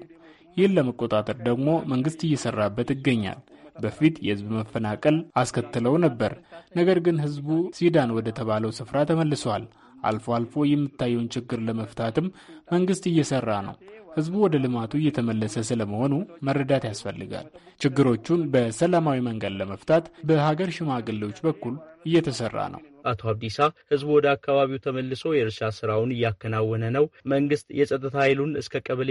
ይህን ለመቆጣጠር ደግሞ መንግስት እየሰራበት ይገኛል። በፊት የህዝብ መፈናቀል አስከትለው ነበር። ነገር ግን ህዝቡ ሲዳን ወደ ተባለው ስፍራ ተመልሷል። አልፎ አልፎ የሚታየውን ችግር ለመፍታትም መንግስት እየሰራ ነው። ህዝቡ ወደ ልማቱ እየተመለሰ ስለመሆኑ መረዳት ያስፈልጋል። ችግሮቹን በሰላማዊ መንገድ ለመፍታት በሀገር ሽማግሌዎች በኩል እየተሰራ ነው። አቶ አብዲሳ ህዝቡ ወደ አካባቢው ተመልሶ የእርሻ ስራውን እያከናወነ ነው። መንግስት የጸጥታ ኃይሉን እስከ ቀበሌ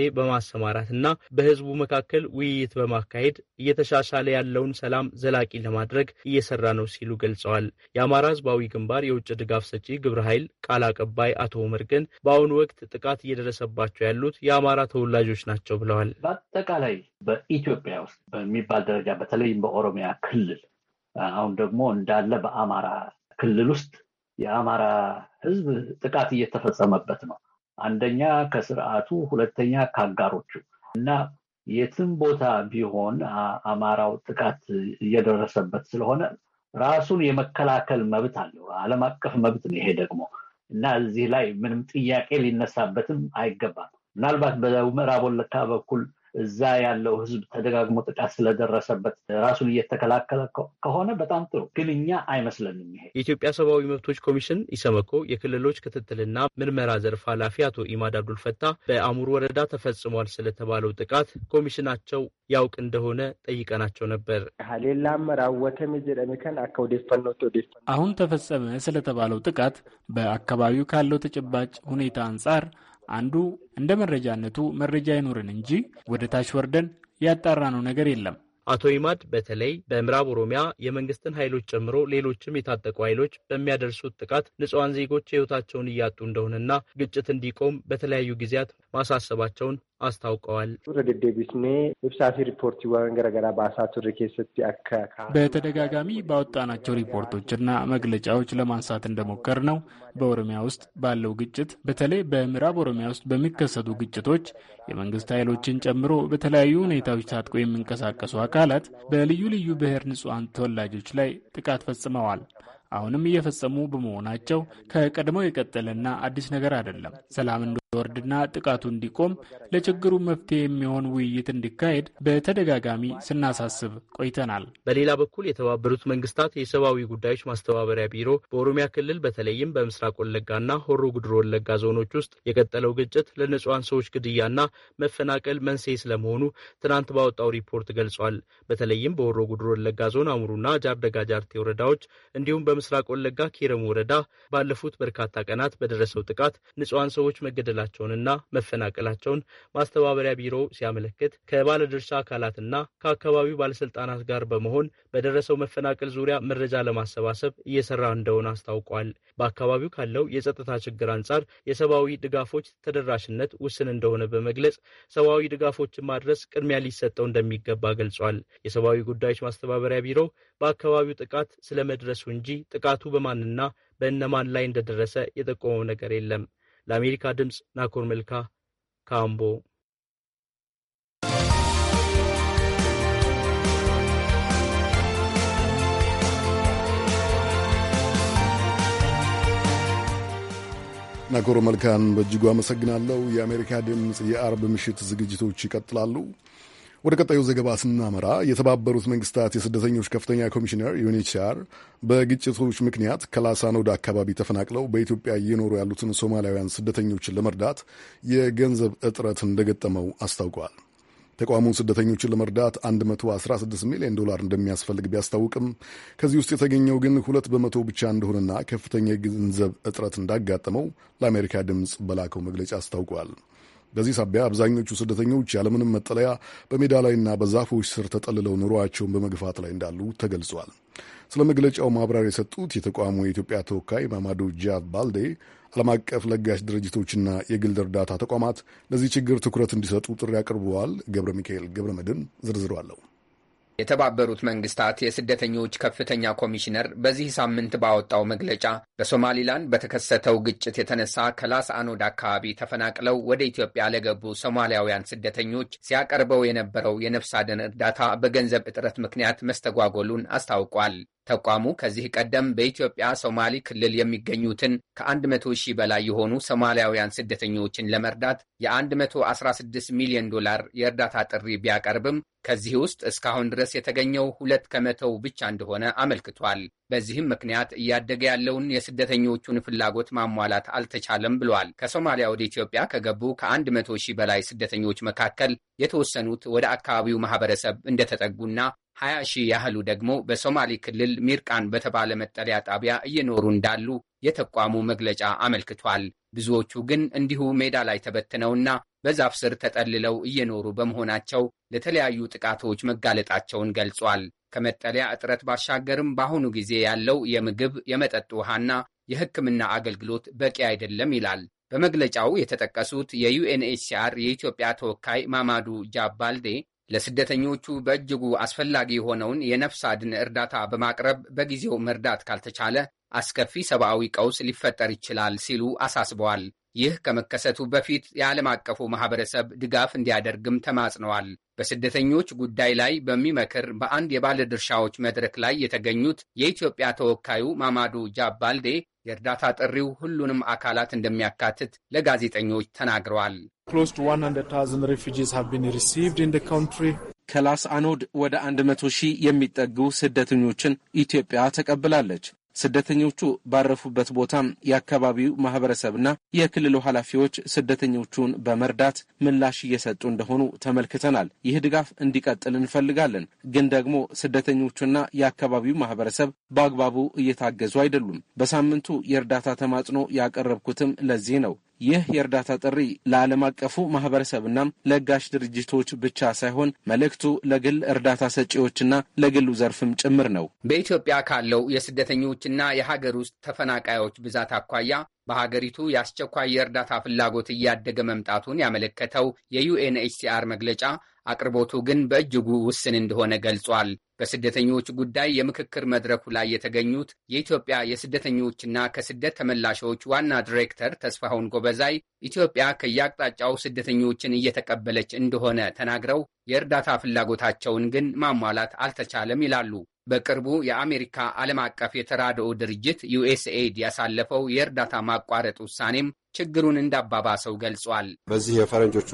እና በህዝቡ መካከል ውይይት በማካሄድ እየተሻሻለ ያለውን ሰላም ዘላቂ ለማድረግ እየሰራ ነው ሲሉ ገልጸዋል። የአማራ ህዝባዊ ግንባር የውጭ ድጋፍ ሰጪ ግብረ ኃይል ቃል አቀባይ አቶ ኡመር ግን በአሁኑ ወቅት ጥቃት እየደረሰባቸው ያሉት የአማራ ተወላጆች ናቸው ብለዋል። በአጠቃላይ በኢትዮጵያ ውስጥ በሚባል ደረጃ በተለይም በኦሮሚያ ክልል አሁን ደግሞ እንዳለ በአማራ ክልል ውስጥ የአማራ ህዝብ ጥቃት እየተፈጸመበት ነው። አንደኛ ከስርዓቱ፣ ሁለተኛ ከአጋሮቹ እና የትም ቦታ ቢሆን አማራው ጥቃት እየደረሰበት ስለሆነ ራሱን የመከላከል መብት አለው። ዓለም አቀፍ መብት ነው ይሄ ደግሞ እና እዚህ ላይ ምንም ጥያቄ ሊነሳበትም አይገባም። ምናልባት በምዕራብ ወለጋ በኩል እዛ ያለው ህዝብ ተደጋግሞ ጥቃት ስለደረሰበት ራሱን እየተከላከለ ከሆነ በጣም ጥሩ፣ ግን እኛ አይመስለንም። ይሄ የኢትዮጵያ ሰብአዊ መብቶች ኮሚሽን ኢሰመኮ የክልሎች ክትትልና ምርመራ ዘርፍ ኃላፊ አቶ ኢማድ አብዱልፈታ በአሙር ወረዳ ተፈጽሟል ስለተባለው ጥቃት ኮሚሽናቸው ያውቅ እንደሆነ ጠይቀናቸው ነበር። አሁን ተፈጸመ ስለተባለው ጥቃት በአካባቢው ካለው ተጨባጭ ሁኔታ አንጻር አንዱ እንደ መረጃነቱ መረጃ አይኖርን እንጂ ወደ ታች ወርደን ያጣራነው ነገር የለም። አቶ ይማድ በተለይ በምዕራብ ኦሮሚያ የመንግስትን ኃይሎች ጨምሮ ሌሎችም የታጠቁ ኃይሎች በሚያደርሱት ጥቃት ንጹሐን ዜጎች ሕይወታቸውን እያጡ እንደሆነና ግጭት እንዲቆም በተለያዩ ጊዜያት ማሳሰባቸውን አስታውቀዋል። በተደጋጋሚ ባወጣናቸው ሪፖርቶችና መግለጫዎች ለማንሳት እንደሞከር ነው በኦሮሚያ ውስጥ ባለው ግጭት በተለይ በምዕራብ ኦሮሚያ ውስጥ በሚከሰቱ ግጭቶች የመንግስት ኃይሎችን ጨምሮ በተለያዩ ሁኔታዎች ታጥቆ የሚንቀሳቀሱ አካላት በልዩ ልዩ ብሔር ንጹሐን ተወላጆች ላይ ጥቃት ፈጽመዋል። አሁንም እየፈጸሙ በመሆናቸው ከቀድሞው የቀጠለና አዲስ ነገር አይደለም። ሰላም ወርድና ጥቃቱ እንዲቆም ለችግሩ መፍትሄ የሚሆን ውይይት እንዲካሄድ በተደጋጋሚ ስናሳስብ ቆይተናል። በሌላ በኩል የተባበሩት መንግስታት የሰብአዊ ጉዳዮች ማስተባበሪያ ቢሮ በኦሮሚያ ክልል በተለይም በምስራቅ ወለጋና ሆሮ ጉድሮ ወለጋ ዞኖች ውስጥ የቀጠለው ግጭት ለንጹሐን ሰዎች ግድያና መፈናቀል መንስኤ ስለመሆኑ ትናንት ባወጣው ሪፖርት ገልጿል። በተለይም በሆሮ ጉድሮ ወለጋ ዞን አሙሩና ጃርደጋ ጃርቴ ወረዳዎች እንዲሁም በምስራቅ ወለጋ ኪረሙ ወረዳ ባለፉት በርካታ ቀናት በደረሰው ጥቃት ንጹሐን ሰዎች መገደል መገደላቸውንና መፈናቀላቸውን ማስተባበሪያ ቢሮው ሲያመለክት ከባለድርሻ አካላትና ከአካባቢው ባለስልጣናት ጋር በመሆን በደረሰው መፈናቀል ዙሪያ መረጃ ለማሰባሰብ እየሰራ እንደሆነ አስታውቋል። በአካባቢው ካለው የጸጥታ ችግር አንጻር የሰብአዊ ድጋፎች ተደራሽነት ውስን እንደሆነ በመግለጽ ሰብአዊ ድጋፎችን ማድረስ ቅድሚያ ሊሰጠው እንደሚገባ ገልጿል። የሰብአዊ ጉዳዮች ማስተባበሪያ ቢሮ በአካባቢው ጥቃት ስለመድረሱ እንጂ ጥቃቱ በማንና በእነማን ላይ እንደደረሰ የጠቆመው ነገር የለም። ለአሜሪካ ድምፅ ናኮር መልካ ካምቦ ናኮር መልካን በእጅጉ አመሰግናለሁ። የአሜሪካ ድምፅ የአርብ ምሽት ዝግጅቶች ይቀጥላሉ። ወደ ቀጣዩ ዘገባ ስናመራ የተባበሩት መንግስታት የስደተኞች ከፍተኛ ኮሚሽነር ዩኒቻር በግጭቶች ምክንያት ከላሳኖድ አካባቢ ተፈናቅለው በኢትዮጵያ እየኖሩ ያሉትን ሶማሊያውያን ስደተኞችን ለመርዳት የገንዘብ እጥረት እንደገጠመው አስታውቀዋል። ተቋሙ ስደተኞችን ለመርዳት 116 ሚሊዮን ዶላር እንደሚያስፈልግ ቢያስታውቅም ከዚህ ውስጥ የተገኘው ግን ሁለት በመቶ ብቻ እንደሆነና ከፍተኛ የገንዘብ እጥረት እንዳጋጠመው ለአሜሪካ ድምፅ በላከው መግለጫ አስታውቋል። በዚህ ሳቢያ አብዛኞቹ ስደተኞች ያለምንም መጠለያ በሜዳ ላይና በዛፎች ስር ተጠልለው ኑሯቸውን በመግፋት ላይ እንዳሉ ተገልጿል። ስለ መግለጫው ማብራሪያ የሰጡት የተቋሙ የኢትዮጵያ ተወካይ ማማዶ ጃ ባልዴ ዓለም አቀፍ ለጋሽ ድርጅቶችና የግል እርዳታ ተቋማት ለዚህ ችግር ትኩረት እንዲሰጡ ጥሪ አቅርበዋል። ገብረ ሚካኤል ገብረ መድን ዝርዝሩ አለው። የተባበሩት መንግስታት የስደተኞች ከፍተኛ ኮሚሽነር በዚህ ሳምንት ባወጣው መግለጫ በሶማሊላንድ በተከሰተው ግጭት የተነሳ ከላስ አኖድ አካባቢ ተፈናቅለው ወደ ኢትዮጵያ ለገቡ ሶማሊያውያን ስደተኞች ሲያቀርበው የነበረው የነፍስ አድን እርዳታ በገንዘብ እጥረት ምክንያት መስተጓጎሉን አስታውቋል። ተቋሙ ከዚህ ቀደም በኢትዮጵያ ሶማሌ ክልል የሚገኙትን ከ100 ሺህ በላይ የሆኑ ሶማሊያውያን ስደተኞችን ለመርዳት የ116 ሚሊዮን ዶላር የእርዳታ ጥሪ ቢያቀርብም ከዚህ ውስጥ እስካሁን ድረስ የተገኘው ሁለት ከመቶው ብቻ እንደሆነ አመልክቷል። በዚህም ምክንያት እያደገ ያለውን የስደተኞቹን ፍላጎት ማሟላት አልተቻለም ብሏል። ከሶማሊያ ወደ ኢትዮጵያ ከገቡ ከ መቶ ሺህ በላይ ስደተኞች መካከል የተወሰኑት ወደ አካባቢው ማህበረሰብ እንደተጠጉና ሀያ ሺህ ያህሉ ደግሞ በሶማሌ ክልል ሚርቃን በተባለ መጠለያ ጣቢያ እየኖሩ እንዳሉ የተቋሙ መግለጫ አመልክቷል። ብዙዎቹ ግን እንዲሁ ሜዳ ላይ ተበትነውና በዛፍ ስር ተጠልለው እየኖሩ በመሆናቸው ለተለያዩ ጥቃቶች መጋለጣቸውን ገልጿል። ከመጠለያ እጥረት ባሻገርም በአሁኑ ጊዜ ያለው የምግብ የመጠጥ ውሃና የሕክምና አገልግሎት በቂ አይደለም ይላል። በመግለጫው የተጠቀሱት የዩኤንኤችሲአር የኢትዮጵያ ተወካይ ማማዱ ጃባልዴ ለስደተኞቹ በእጅጉ አስፈላጊ የሆነውን የነፍስ አድን እርዳታ በማቅረብ በጊዜው መርዳት ካልተቻለ አስከፊ ሰብአዊ ቀውስ ሊፈጠር ይችላል ሲሉ አሳስበዋል። ይህ ከመከሰቱ በፊት የዓለም አቀፉ ማኅበረሰብ ድጋፍ እንዲያደርግም ተማጽነዋል። በስደተኞች ጉዳይ ላይ በሚመክር በአንድ የባለድርሻዎች መድረክ ላይ የተገኙት የኢትዮጵያ ተወካዩ ማማዱ ጃባልዴ የእርዳታ ጥሪው ሁሉንም አካላት እንደሚያካትት ለጋዜጠኞች ተናግረዋል። ከላስ አኖድ ወደ 100 ሺህ የሚጠጉ ስደተኞችን ኢትዮጵያ ተቀብላለች። ስደተኞቹ ባረፉበት ቦታ የአካባቢው ማህበረሰብና የክልሉ ኃላፊዎች ስደተኞቹን በመርዳት ምላሽ እየሰጡ እንደሆኑ ተመልክተናል። ይህ ድጋፍ እንዲቀጥል እንፈልጋለን። ግን ደግሞ ስደተኞቹና የአካባቢው ማህበረሰብ በአግባቡ እየታገዙ አይደሉም። በሳምንቱ የእርዳታ ተማጽኖ ያቀረብኩትም ለዚህ ነው። ይህ የእርዳታ ጥሪ ለዓለም አቀፉ ማህበረሰብና ለጋሽ ድርጅቶች ብቻ ሳይሆን መልእክቱ ለግል እርዳታ ሰጪዎችና ለግሉ ዘርፍም ጭምር ነው። በኢትዮጵያ ካለው የስደተኞችና የሀገር ውስጥ ተፈናቃዮች ብዛት አኳያ በሀገሪቱ የአስቸኳይ የእርዳታ ፍላጎት እያደገ መምጣቱን ያመለከተው የዩኤንኤችሲአር መግለጫ አቅርቦቱ ግን በእጅጉ ውስን እንደሆነ ገልጿል። በስደተኞች ጉዳይ የምክክር መድረኩ ላይ የተገኙት የኢትዮጵያ የስደተኞችና ከስደት ተመላሾች ዋና ዲሬክተር ተስፋሁን ጎበዛይ ኢትዮጵያ ከየአቅጣጫው ስደተኞችን እየተቀበለች እንደሆነ ተናግረው የእርዳታ ፍላጎታቸውን ግን ማሟላት አልተቻለም ይላሉ። በቅርቡ የአሜሪካ ዓለም አቀፍ የተራድኦ ድርጅት ዩኤስኤድ ያሳለፈው የእርዳታ ማቋረጥ ውሳኔም ችግሩን እንዳባባሰው ገልጿል። በዚህ የፈረንጆቹ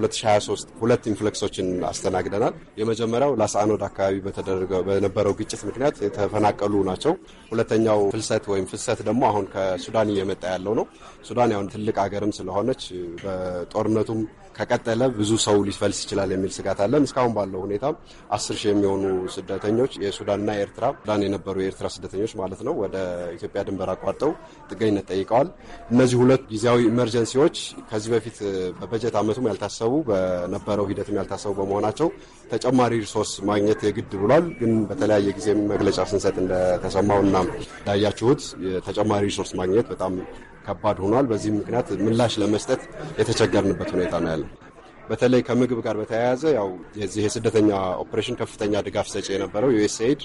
2023 ሁለት ኢንፍሌክሶችን አስተናግደናል። የመጀመሪያው ላስአኖድ አካባቢ በነበረው ግጭት ምክንያት የተፈናቀሉ ናቸው። ሁለተኛው ፍልሰት ወይም ፍልሰት ደግሞ አሁን ከሱዳን እየመጣ ያለው ነው። ሱዳን ያሁን ትልቅ ሀገርም ስለሆነች በጦርነቱም ከቀጠለ ብዙ ሰው ሊፈልስ ይችላል የሚል ስጋት አለን። እስካሁን ባለው ሁኔታ አስር ሺህ የሚሆኑ ስደተኞች የሱዳንና የኤርትራ ሱዳን የነበሩ የኤርትራ ስደተኞች ማለት ነው ወደ ኢትዮጵያ ድንበር አቋርጠው ጥገኝነት ጠይቀዋል። እነዚህ ሁለት ጊዜያዊ ኢመርጀንሲዎች ከዚህ በፊት በበጀት ዓመቱም ያልታሰቡ በነበረው ሂደትም ያልታሰቡ በመሆናቸው ተጨማሪ ሪሶርስ ማግኘት የግድ ብሏል። ግን በተለያየ ጊዜ መግለጫ ስንሰጥ እንደተሰማው እና እንዳያችሁት ተጨማሪ ሪሶርስ ማግኘት በጣም ከባድ ሆኗል። በዚህም ምክንያት ምላሽ ለመስጠት የተቸገርንበት ሁኔታ ነው ያለው። በተለይ ከምግብ ጋር በተያያዘ ያው የዚህ የስደተኛ ኦፕሬሽን ከፍተኛ ድጋፍ ሰጪ የነበረው ዩኤስኤድ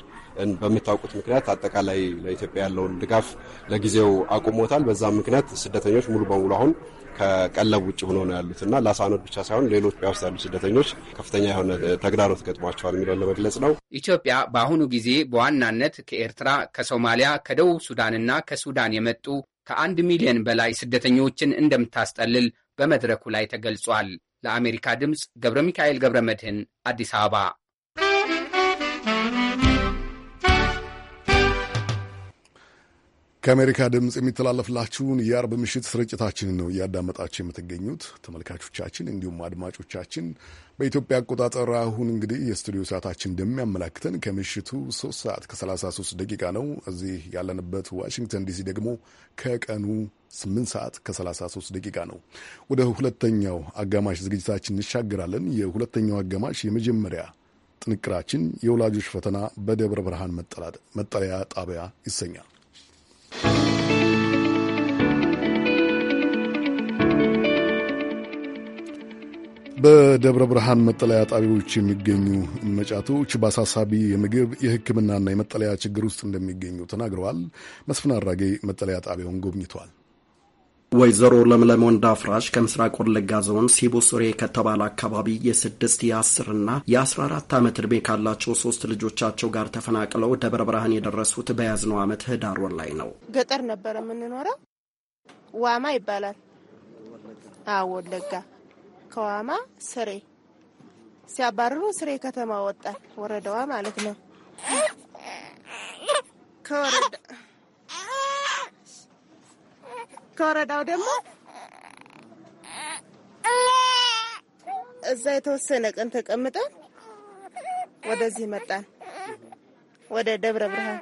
በምታውቁት ምክንያት አጠቃላይ ለኢትዮጵያ ያለውን ድጋፍ ለጊዜው አቁሞታል። በዛም ምክንያት ስደተኞች ሙሉ በሙሉ አሁን ከቀለብ ውጭ ሆኖ ነው ያሉት እና ለአሳኖት ብቻ ሳይሆን ሌሎች ኢትዮጵያ ውስጥ ያሉ ስደተኞች ከፍተኛ የሆነ ተግዳሮት ገጥሟቸዋል የሚለውን ለመግለጽ ነው። ኢትዮጵያ በአሁኑ ጊዜ በዋናነት ከኤርትራ፣ ከሶማሊያ፣ ከደቡብ ሱዳንና ከሱዳን የመጡ ከአንድ ሚሊዮን በላይ ስደተኞችን እንደምታስጠልል በመድረኩ ላይ ተገልጿል። ለአሜሪካ ድምፅ ገብረ ሚካኤል ገብረ መድህን አዲስ አበባ ከአሜሪካ ድምፅ የሚተላለፍላችሁን የአርብ ምሽት ስርጭታችንን ነው እያዳመጣችሁ የምትገኙት ተመልካቾቻችን፣ እንዲሁም አድማጮቻችን። በኢትዮጵያ አቆጣጠር አሁን እንግዲህ የስቱዲዮ ሰዓታችን እንደሚያመላክተን ከምሽቱ 3 ሰዓት ከ33 ደቂቃ ነው። እዚህ ያለንበት ዋሽንግተን ዲሲ ደግሞ ከቀኑ 8 ሰዓት ከ33 ደቂቃ ነው። ወደ ሁለተኛው አጋማሽ ዝግጅታችን እንሻገራለን። የሁለተኛው አጋማሽ የመጀመሪያ ጥንቅራችን የወላጆች ፈተና በደብረ ብርሃን መጠለያ ጣቢያ ይሰኛል። በደብረ ብርሃን መጠለያ ጣቢያዎች የሚገኙ መጫቶች በአሳሳቢ የምግብ የሕክምናና የመጠለያ ችግር ውስጥ እንደሚገኙ ተናግረዋል። መስፍን አራጌ መጠለያ ጣቢያውን ጎብኝቷል። ወይዘሮ ለምለም ወንድ አፍራሽ ከምስራቅ ወለጋ ዞን ሲቦ ሱሬ ከተባለ አካባቢ የስድስት የአስርና የአስራ አራት ዓመት ዕድሜ ካላቸው ሶስት ልጆቻቸው ጋር ተፈናቅለው ደብረ ብርሃን የደረሱት በያዝነው ዓመት ህዳር ወር ላይ ነው። ገጠር ነበረ የምንኖረው። ዋማ ይባላል። አዎ ወለጋ። ከዋማ ስሬ ሲያባርሩ ስሬ ከተማ ወጣል። ወረዳዋ ማለት ነው። ከወረዳው ደግሞ እዛ የተወሰነ ቀን ተቀምጠን ወደዚህ መጣን፣ ወደ ደብረ ብርሃን።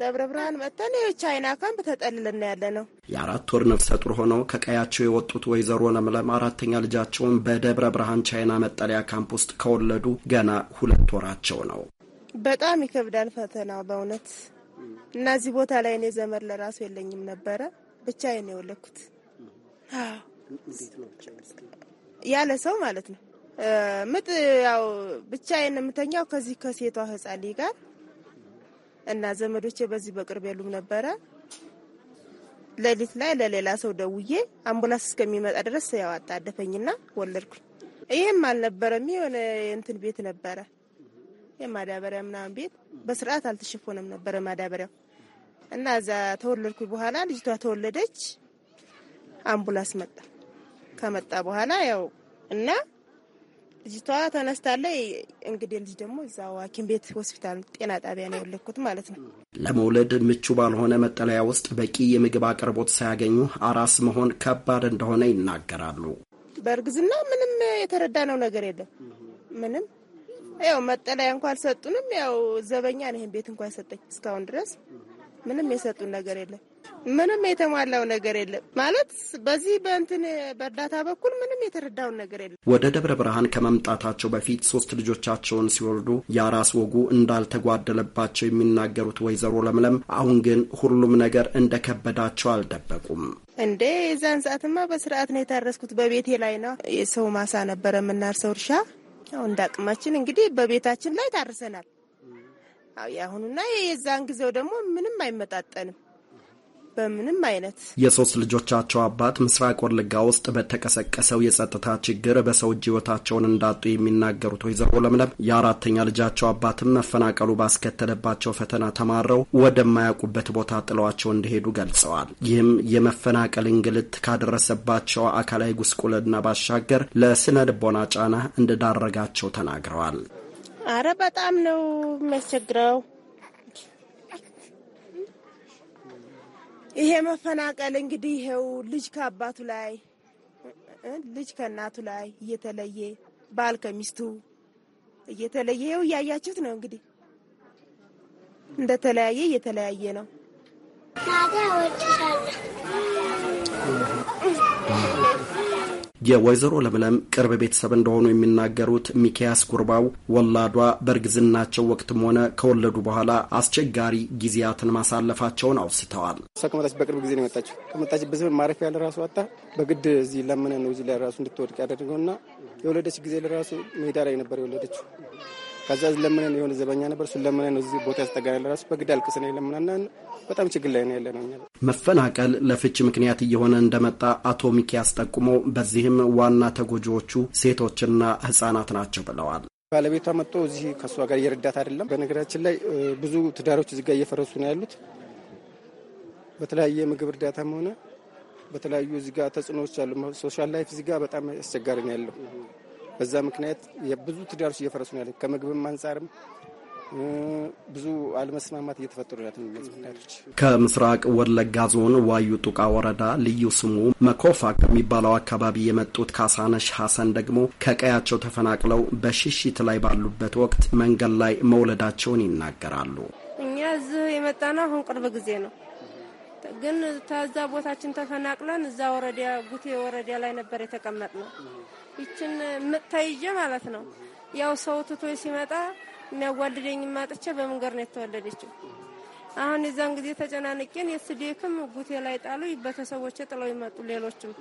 ደብረ ብርሃን መጥተን የቻይና ካምፕ ተጠልልን ያለ ነው። የአራት ወር ነፍሰ ጡር ሆነው ከቀያቸው የወጡት ወይዘሮ ለምለም አራተኛ ልጃቸውን በደብረ ብርሃን ቻይና መጠለያ ካምፕ ውስጥ ከወለዱ ገና ሁለት ወራቸው ነው። በጣም ይከብዳል ፈተናው በእውነት እና ቦታ ላይ እኔ ዘመድ ለራሱ የለኝም ነበረ። ብቻ ነው የወለኩት ያለ ሰው ማለት ነው። ምጥ ያው ብቻዬን የምተኛው ከዚህ ከሴቷ ህጻሌ ጋር እና ዘመዶቼ በዚህ በቅርብ የሉም ነበረ። ሌሊት ላይ ለሌላ ሰው ደውዬ አምቡላንስ እስከሚመጣ ድረስ ያው አጣደፈኝና ወለድኩኝ። ይህም አልነበረም የሆነ እንትን ቤት ነበረ የማዳበሪያ ምናምን ቤት በስርዓት አልተሸፈነም ነበረ ማዳበሪያው እና እዛ ተወለድኩ በኋላ ልጅቷ ተወለደች። አምቡላንስ መጣ። ከመጣ በኋላ ያው እና ልጅቷ ተነስታለች። እንግዲህ ልጅ ደግሞ እዛው ሐኪም ቤት ሆስፒታል ጤና ጣቢያ ነው የወለድኩት ማለት ነው። ለመውለድ ምቹ ባልሆነ መጠለያ ውስጥ በቂ የምግብ አቅርቦት ሳያገኙ አራስ መሆን ከባድ እንደሆነ ይናገራሉ። በእርግዝና ምንም የተረዳነው ነገር የለም ምንም ያው መጠለያ እንኳ አልሰጡንም። ያው ዘበኛ ነው ይህን ቤት እንኳን ሰጠኝ። እስካሁን ድረስ ምንም የሰጡን ነገር የለም። ምንም የተሟላው ነገር የለም ማለት በዚህ በእንትን በእርዳታ በኩል ምንም የተረዳውን ነገር የለም። ወደ ደብረ ብርሃን ከመምጣታቸው በፊት ሶስት ልጆቻቸውን ሲወልዱ የአራስ ወጉ እንዳልተጓደለባቸው የሚናገሩት ወይዘሮ ለምለም አሁን ግን ሁሉም ነገር እንደከበዳቸው አልደበቁም። እንዴ የዛን ሰዓትማ በስርዓት ነው የታረስኩት። በቤቴ ላይ ነው የሰው ማሳ ነበረ የምናርሰው እርሻ ያው እንደ አቅማችን እንግዲህ በቤታችን ላይ ታርሰናል። አሁኑና የዛን ጊዜው ደግሞ ምንም አይመጣጠንም። በምንም አይነት የሶስት ልጆቻቸው አባት ምስራቅ ወለጋ ውስጥ በተቀሰቀሰው የጸጥታ ችግር እጅ ህይወታቸውን እንዳጡ የሚናገሩት ወይዘሮ ለምለም የአራተኛ ልጃቸው አባትም መፈናቀሉ ባስከተለባቸው ፈተና ተማረው ወደማያውቁበት ቦታ ጥለዋቸው እንደሄዱ ገልጸዋል። ይህም የመፈናቀል እንግልት ካደረሰባቸው አካላዊ ጉስቁልና ባሻገር ለስነ ልቦና ጫና እንደዳረጋቸው ተናግረዋል። አረ በጣም ነው የሚያስቸግረው ይሄ መፈናቀል እንግዲህ ይሄው ልጅ ከአባቱ ላይ ልጅ ከእናቱ ላይ እየተለየ ባል ከሚስቱ እየተለየ ይኸው እያያችሁት ነው እንግዲህ እንደተለያየ እየተለያየ ነው። ታዲያ የወይዘሮ ለምለም ቅርብ ቤተሰብ እንደሆኑ የሚናገሩት ሚኪያስ ጉርባው ወላዷ በእርግዝናቸው ወቅትም ሆነ ከወለዱ በኋላ አስቸጋሪ ጊዜያትን ማሳለፋቸውን አውስተዋል። እሷ ከመጣች በቅርብ ጊዜ ነው የመጣችው። ከመጣች በዘመን ማረፊያ ያለ ራሱ አጣ በግድ እዚህ ለምነ ነው እዚህ ላይ ራሱ እንድትወድቅ ያደርገውና የወለደች ጊዜ ለራሱ ሜዳ ላይ ነበር የወለደችው ከዛ ለምነን የሆነ ዘበኛ ነበር እሱ ለምነን እዚህ ቦታ ያስጠጋናል። ራሱ በግድ አልቅስን ለምናና በጣም ችግር ላይ ነው ያለ ነው። መፈናቀል ለፍች ምክንያት እየሆነ እንደመጣ አቶ ሚኪያስ ጠቁሞ፣ በዚህም ዋና ተጎጂዎቹ ሴቶችና ህጻናት ናቸው ብለዋል። ባለቤቷ መጥቶ እዚህ ከእሷ ጋር እየረዳት አይደለም። በነገራችን ላይ ብዙ ትዳሮች እዚህ ጋር እየፈረሱ ነው ያሉት በተለያየ ምግብ እርዳታም ሆነ በተለያዩ እዚህ ጋር ተጽዕኖዎች አሉ። ሶሻል ላይፍ እዚህ ጋር በጣም አስቸጋሪ ነው ያለው። በዛ ምክንያት የብዙ ትዳሮች እየፈረሱ ነው ያለ። ከምግብም አንጻርም ብዙ አለመስማማት እየተፈጠሩ ያለ ምክንያቶች። ከምስራቅ ወለጋ ዞን ዋዩ ጡቃ ወረዳ ልዩ ስሙ መኮፋ ከሚባለው አካባቢ የመጡት ካሳነሽ ሀሰን ደግሞ ከቀያቸው ተፈናቅለው በሽሽት ላይ ባሉበት ወቅት መንገድ ላይ መውለዳቸውን ይናገራሉ። እኛ እዚህ የመጣ ነው አሁን ቅርብ ጊዜ ነው። ግን ከዛ ቦታችን ተፈናቅለን እዛ ወረዳ ጉቴ ወረዳ ላይ ነበር የተቀመጥ ነው ይችን ምታይጀ ማለት ነው። ያው ሰው ትቶ ሲመጣ የሚያዋልደኝ ማጥቼ በመንገድ ነው የተወለደችው። አሁን የዛን ጊዜ ተጨናንቄን የስዴክም ጉቴ ላይ ጣሉ። ቤተሰቦቼ ጥለው ይመጡ። ሌሎችም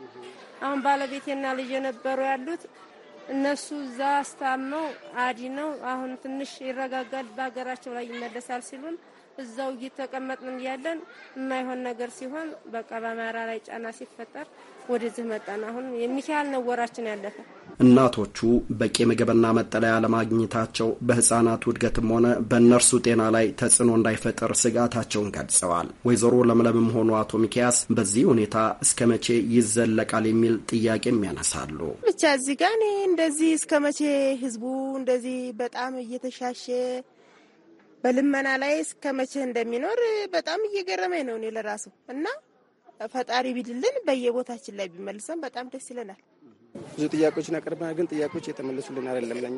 አሁን ባለቤቴና ልጅ የነበሩ ያሉት እነሱ እዛ አስታመው አዲ ነው። አሁን ትንሽ ይረጋጋል፣ በሀገራቸው ላይ ይመለሳል ሲሉን እዛው እየተቀመጥንም ያለን የማይሆን ነገር ሲሆን በቃ በአማራ ላይ ጫና ሲፈጠር ወደዚህ መጣን። አሁን የሚካኤል ነው ወራችን ያለፈ። እናቶቹ በቂ ምግብና መጠለያ ለማግኘታቸው በህፃናቱ እድገትም ሆነ በእነርሱ ጤና ላይ ተጽዕኖ እንዳይፈጠር ስጋታቸውን ገልጸዋል። ወይዘሮ ለምለምም ሆኑ አቶ ሚኪያስ በዚህ ሁኔታ እስከ መቼ ይዘለቃል የሚል ጥያቄም ያነሳሉ። ብቻ እዚህ ጋር እኔ እንደዚህ እስከ መቼ ህዝቡ እንደዚህ በጣም እየተሻሸ በልመና ላይ እስከ መቼ እንደሚኖር በጣም እየገረመኝ ነው እኔ ለራሱ እና ፈጣሪ ቢድልን በየቦታችን ላይ ቢመልሰን በጣም ደስ ይለናል። ብዙ ጥያቄዎችን አቅርበናል፣ ግን ጥያቄዎች የተመለሱልን አይደለም ለኛ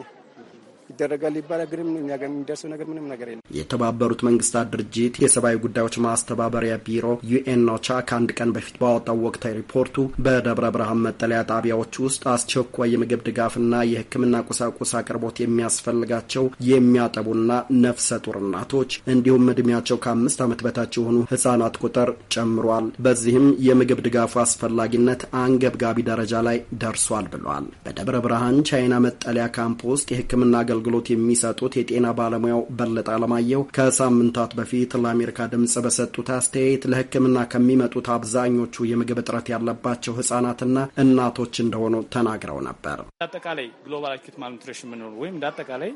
ይደረጋል ይባላል። ግን እኛ ጋር የሚደርሰው ነገር ምንም ነገር የለም። የተባበሩት መንግስታት ድርጅት የሰብአዊ ጉዳዮች ማስተባበሪያ ቢሮ ዩኤን ኦቻ ከአንድ ቀን በፊት ባወጣው ወቅታዊ ሪፖርቱ በደብረ ብርሃን መጠለያ ጣቢያዎች ውስጥ አስቸኳይ የምግብ ድጋፍና የሕክምና ቁሳቁስ አቅርቦት የሚያስፈልጋቸው የሚያጠቡና ነፍሰ ጡር እናቶች እንዲሁም እድሜያቸው ከአምስት ዓመት በታች የሆኑ ህጻናት ቁጥር ጨምሯል። በዚህም የምግብ ድጋፉ አስፈላጊነት አንገብጋቢ ደረጃ ላይ ደርሷል ብሏል። በደብረ ብርሃን ቻይና መጠለያ ካምፕ ውስጥ የሕክምና አገልግሎት የሚሰጡት የጤና ባለሙያው በለጠ አለማየሁ ከሳምንታት በፊት ለአሜሪካ ድምጽ በሰጡት አስተያየት ለሕክምና ከሚመጡት አብዛኞቹ የምግብ እጥረት ያለባቸው ህጻናትና እናቶች እንደሆኑ ተናግረው ነበር። እንዳጠቃላይ ግሎባል አኪዩት ማልኒትሪሽን የምንሆኑ ወይም እንዳጠቃላይ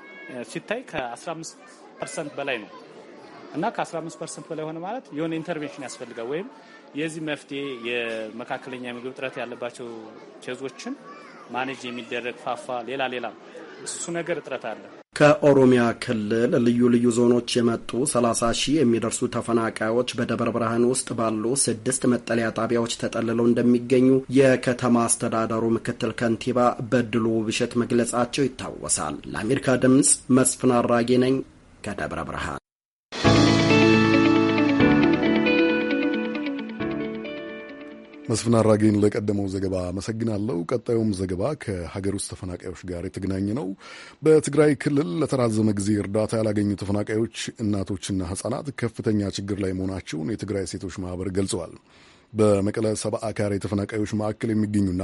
ሲታይ ከ15 ፐርሰንት በላይ ነው እና ከ15 ፐርሰንት በላይ ሆነ ማለት የሆነ ኢንተርቬንሽን ያስፈልጋል ወይም የዚህ መፍትሄ የመካከለኛ የምግብ እጥረት ያለባቸው ኬዞችን ማኔጅ የሚደረግ ፋፋ ሌላ ሌላ እሱ ነገር እጥረት አለ። ከኦሮሚያ ክልል ልዩ ልዩ ዞኖች የመጡ 30 ሺህ የሚደርሱ ተፈናቃዮች በደብረ ብርሃን ውስጥ ባሉ ስድስት መጠለያ ጣቢያዎች ተጠልለው እንደሚገኙ የከተማ አስተዳደሩ ምክትል ከንቲባ በድሉ ውብሸት መግለጻቸው ይታወሳል። ለአሜሪካ ድምፅ መስፍን አራጌ ነኝ ከደብረ ብርሃን። መስፍን አራጌን ለቀደመው ዘገባ አመሰግናለሁ። ቀጣዩም ዘገባ ከሀገር ውስጥ ተፈናቃዮች ጋር የተገናኘ ነው። በትግራይ ክልል ለተራዘመ ጊዜ እርዳታ ያላገኙ ተፈናቃዮች እናቶችና ሕጻናት ከፍተኛ ችግር ላይ መሆናቸውን የትግራይ ሴቶች ማህበር ገልጸዋል። በመቀለ ሰብአ ካሬ ተፈናቃዮች መካከል የሚገኙና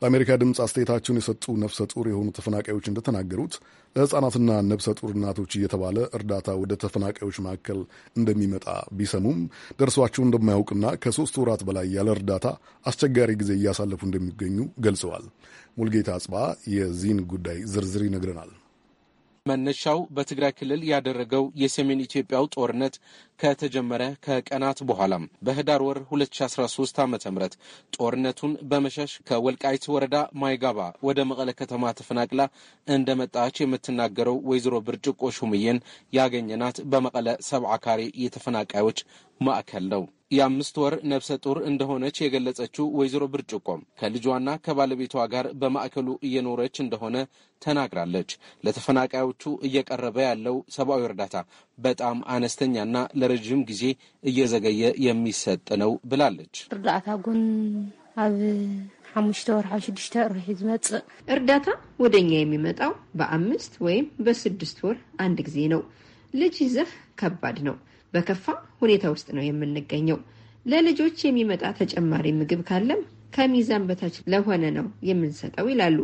ለአሜሪካ ድምፅ አስተያየታቸውን የሰጡ ነፍሰ ጡር የሆኑ ተፈናቃዮች እንደተናገሩት ለሕፃናትና ነፍሰ ጡር እናቶች እየተባለ እርዳታ ወደ ተፈናቃዮች መካከል እንደሚመጣ ቢሰሙም ደርሷቸው እንደማያውቅና ከሶስት ወራት በላይ ያለ እርዳታ አስቸጋሪ ጊዜ እያሳለፉ እንደሚገኙ ገልጸዋል። ሙልጌታ አጽባ የዚህን ጉዳይ ዝርዝር ይነግረናል። መነሻው በትግራይ ክልል ያደረገው የሰሜን ኢትዮጵያው ጦርነት ከተጀመረ ከቀናት በኋላም በህዳር ወር 2013 ዓ ም ጦርነቱን በመሸሽ ከወልቃይት ወረዳ ማይጋባ ወደ መቀለ ከተማ ተፈናቅላ እንደመጣች የምትናገረው ወይዘሮ ብርጭቆ ሹምዬን ያገኘናት በመቀለ ሰብዓ ካሬ የተፈናቃዮች ማዕከል ነው። የአምስት ወር ነፍሰ ጡር እንደሆነች የገለጸችው ወይዘሮ ብርጭቆም ከልጇና ከባለቤቷ ጋር በማዕከሉ እየኖረች እንደሆነ ተናግራለች። ለተፈናቃዮቹ እየቀረበ ያለው ሰብአዊ እርዳታ በጣም አነስተኛና ለረዥም ጊዜ እየዘገየ የሚሰጥ ነው ብላለች። እርዳታ ጎን ኣብ ሓሙሽተ ሓ ሽዱሽተ ርሒ ዝመፅእ እርዳታ ወደ እኛ የሚመጣው በአምስት ወይም በስድስት ወር አንድ ጊዜ ነው። ልጅ ይዘህ ከባድ ነው። በከፋ ሁኔታ ውስጥ ነው የምንገኘው። ለልጆች የሚመጣ ተጨማሪ ምግብ ካለም ከሚዛን በታች ለሆነ ነው የምንሰጠው ይላሉ።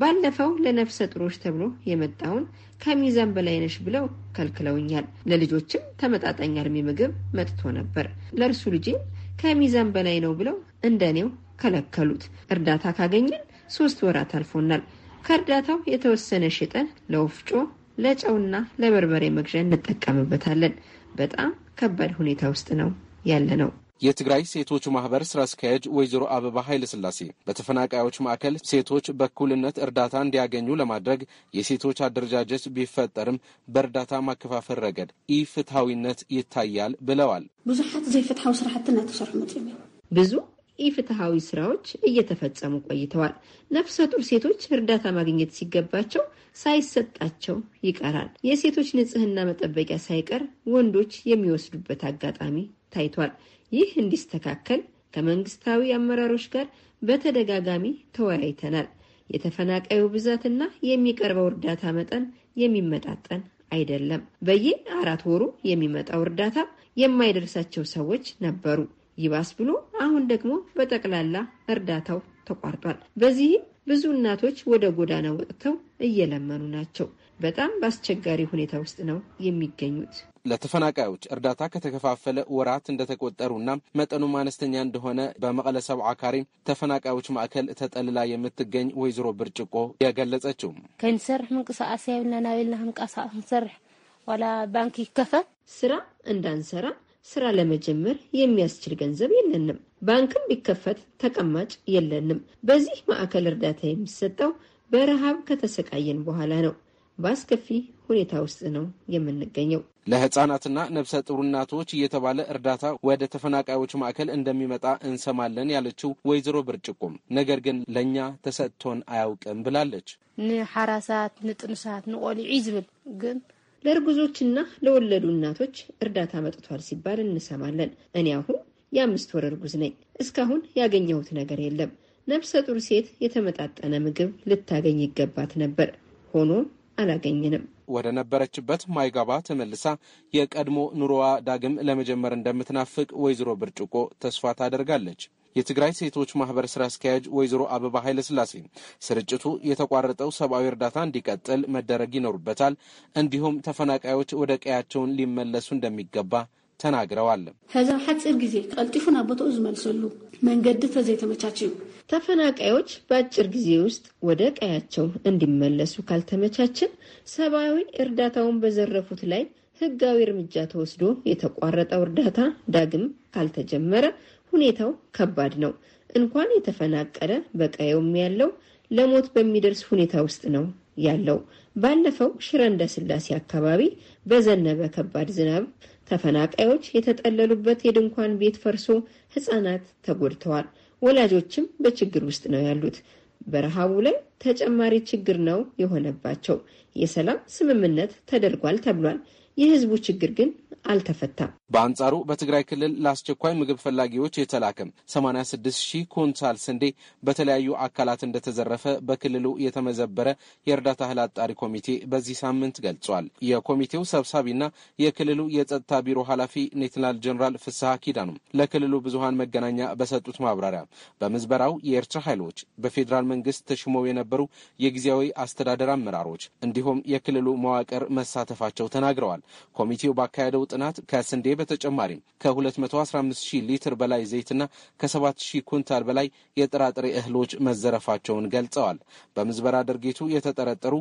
ባለፈው ለነፍሰ ጥሮች ተብሎ የመጣውን ከሚዛን በላይ ነሽ ብለው ከልክለውኛል። ለልጆችም ተመጣጣኝ አልሚ ምግብ መጥቶ ነበር። ለእርሱ ልጅም ከሚዛን በላይ ነው ብለው እንደኔው ከለከሉት። እርዳታ ካገኘን ሶስት ወራት አልፎናል። ከእርዳታው የተወሰነ ሽጠን ለወፍጮ ለጨውና ለበርበሬ መግዣ እንጠቀምበታለን። በጣም ከባድ ሁኔታ ውስጥ ነው ያለ ነው። የትግራይ ሴቶች ማህበር ስራ አስኪያጅ ወይዘሮ አበባ ኃይለ ስላሴ በተፈናቃዮች ማዕከል ሴቶች በእኩልነት እርዳታ እንዲያገኙ ለማድረግ የሴቶች አደረጃጀት ቢፈጠርም በእርዳታ ማከፋፈል ረገድ ኢፍትሐዊነት ይታያል ብለዋል። ብዙሓት ዘይፍትሐዊ ስራሕትና ተሰርሑ መፅም ብዙ ኢፍትሐዊ ስራዎች እየተፈጸሙ ቆይተዋል። ነፍሰ ጡር ሴቶች እርዳታ ማግኘት ሲገባቸው ሳይሰጣቸው ይቀራል። የሴቶች ንጽህና መጠበቂያ ሳይቀር ወንዶች የሚወስዱበት አጋጣሚ ታይቷል። ይህ እንዲስተካከል ከመንግስታዊ አመራሮች ጋር በተደጋጋሚ ተወያይተናል። የተፈናቃዩ ብዛትና የሚቀርበው እርዳታ መጠን የሚመጣጠን አይደለም። በየ አራት ወሩ የሚመጣው እርዳታ የማይደርሳቸው ሰዎች ነበሩ። ይባስ ብሎ አሁን ደግሞ በጠቅላላ እርዳታው ተቋርጧል። በዚህም ብዙ እናቶች ወደ ጎዳና ወጥተው እየለመኑ ናቸው። በጣም በአስቸጋሪ ሁኔታ ውስጥ ነው የሚገኙት። ለተፈናቃዮች እርዳታ ከተከፋፈለ ወራት እንደተቆጠሩና መጠኑም አነስተኛ እንደሆነ በመቀለ ሰብ ካሪም ተፈናቃዮች ማዕከል ተጠልላ የምትገኝ ወይዘሮ ብርጭቆ የገለጸችው ከንሰርሕ ምንቅስቃሴ ያብልና ናቤልና ክንቃሳ ዋላ ባንክ ይከፈት ስራ እንዳንሰራ ስራ ለመጀመር የሚያስችል ገንዘብ የለንም። ባንክም ቢከፈት ተቀማጭ የለንም። በዚህ ማዕከል እርዳታ የሚሰጠው በረሃብ ከተሰቃየን በኋላ ነው። በአስከፊ ሁኔታ ውስጥ ነው የምንገኘው። ለህጻናትና ነብሰ ጡር እናቶች እየተባለ እርዳታ ወደ ተፈናቃዮች ማዕከል እንደሚመጣ እንሰማለን ያለችው ወይዘሮ ብርጭቆም ነገር ግን ለእኛ ተሰጥቶን አያውቅም ብላለች። ንሓራሳት ንጥንሳት ንቆልዒ ዝብል ግን ለእርጉዞችና ለወለዱ እናቶች እርዳታ መጥቷል ሲባል እንሰማለን። እኔ አሁን የአምስት ወር እርጉዝ ነኝ። እስካሁን ያገኘሁት ነገር የለም። ነፍሰ ጡር ሴት የተመጣጠነ ምግብ ልታገኝ ይገባት ነበር። ሆኖም አላገኝንም። ወደ ነበረችበት ማይጋባ ተመልሳ የቀድሞ ኑሮዋ ዳግም ለመጀመር እንደምትናፍቅ ወይዘሮ ብርጭቆ ተስፋ ታደርጋለች። የትግራይ ሴቶች ማህበር ስራ አስኪያጅ ወይዘሮ አበባ ኃይለስላሴ ስርጭቱ የተቋረጠው ሰብአዊ እርዳታ እንዲቀጥል መደረግ ይኖሩበታል፣ እንዲሁም ተፈናቃዮች ወደ ቀያቸውን ሊመለሱ እንደሚገባ ተናግረዋል። ከዛ ሓፂር ጊዜ ቀልጢፉን አቦቶ ዝመልሰሉ መንገዲ ተዘይተመቻችዩ ተፈናቃዮች በአጭር ጊዜ ውስጥ ወደ ቀያቸው እንዲመለሱ ካልተመቻችን ሰብአዊ እርዳታውን በዘረፉት ላይ ህጋዊ እርምጃ ተወስዶ የተቋረጠው እርዳታ ዳግም ካልተጀመረ ሁኔታው ከባድ ነው። እንኳን የተፈናቀለ በቀየውም ያለው ለሞት በሚደርስ ሁኔታ ውስጥ ነው ያለው። ባለፈው ሽረ ስላሴ አካባቢ በዘነበ ከባድ ዝናብ ተፈናቃዮች የተጠለሉበት የድንኳን ቤት ፈርሶ ሕፃናት ተጎድተዋል። ወላጆችም በችግር ውስጥ ነው ያሉት። በረሃቡ ላይ ተጨማሪ ችግር ነው የሆነባቸው። የሰላም ስምምነት ተደርጓል ተብሏል። የህዝቡ ችግር ግን አልተፈታም። በአንጻሩ በትግራይ ክልል ለአስቸኳይ ምግብ ፈላጊዎች የተላከም 86 ሺህ ኩንታል ስንዴ በተለያዩ አካላት እንደተዘረፈ በክልሉ የተመዘበረ የእርዳታ እህል አጣሪ ኮሚቴ በዚህ ሳምንት ገልጿል። የኮሚቴው ሰብሳቢና የክልሉ የጸጥታ ቢሮ ኃላፊ ኔትናል ጀኔራል ፍስሐ ኪዳኑ ለክልሉ ብዙሀን መገናኛ በሰጡት ማብራሪያ በምዝበራው የኤርትራ ኃይሎች፣ በፌዴራል መንግስት ተሽመው የነበሩ የጊዜያዊ አስተዳደር አመራሮች እንዲሁም የክልሉ መዋቅር መሳተፋቸው ተናግረዋል። ኮሚቴው ባካሄደው ጥናት ከስንዴ በተጨማሪም ከ215 ሺህ ሊትር በላይ ዘይትና ከ7 ሺህ ኩንታል በላይ የጥራጥሬ እህሎች መዘረፋቸውን ገልጸዋል። በምዝበራ ድርጊቱ የተጠረጠሩ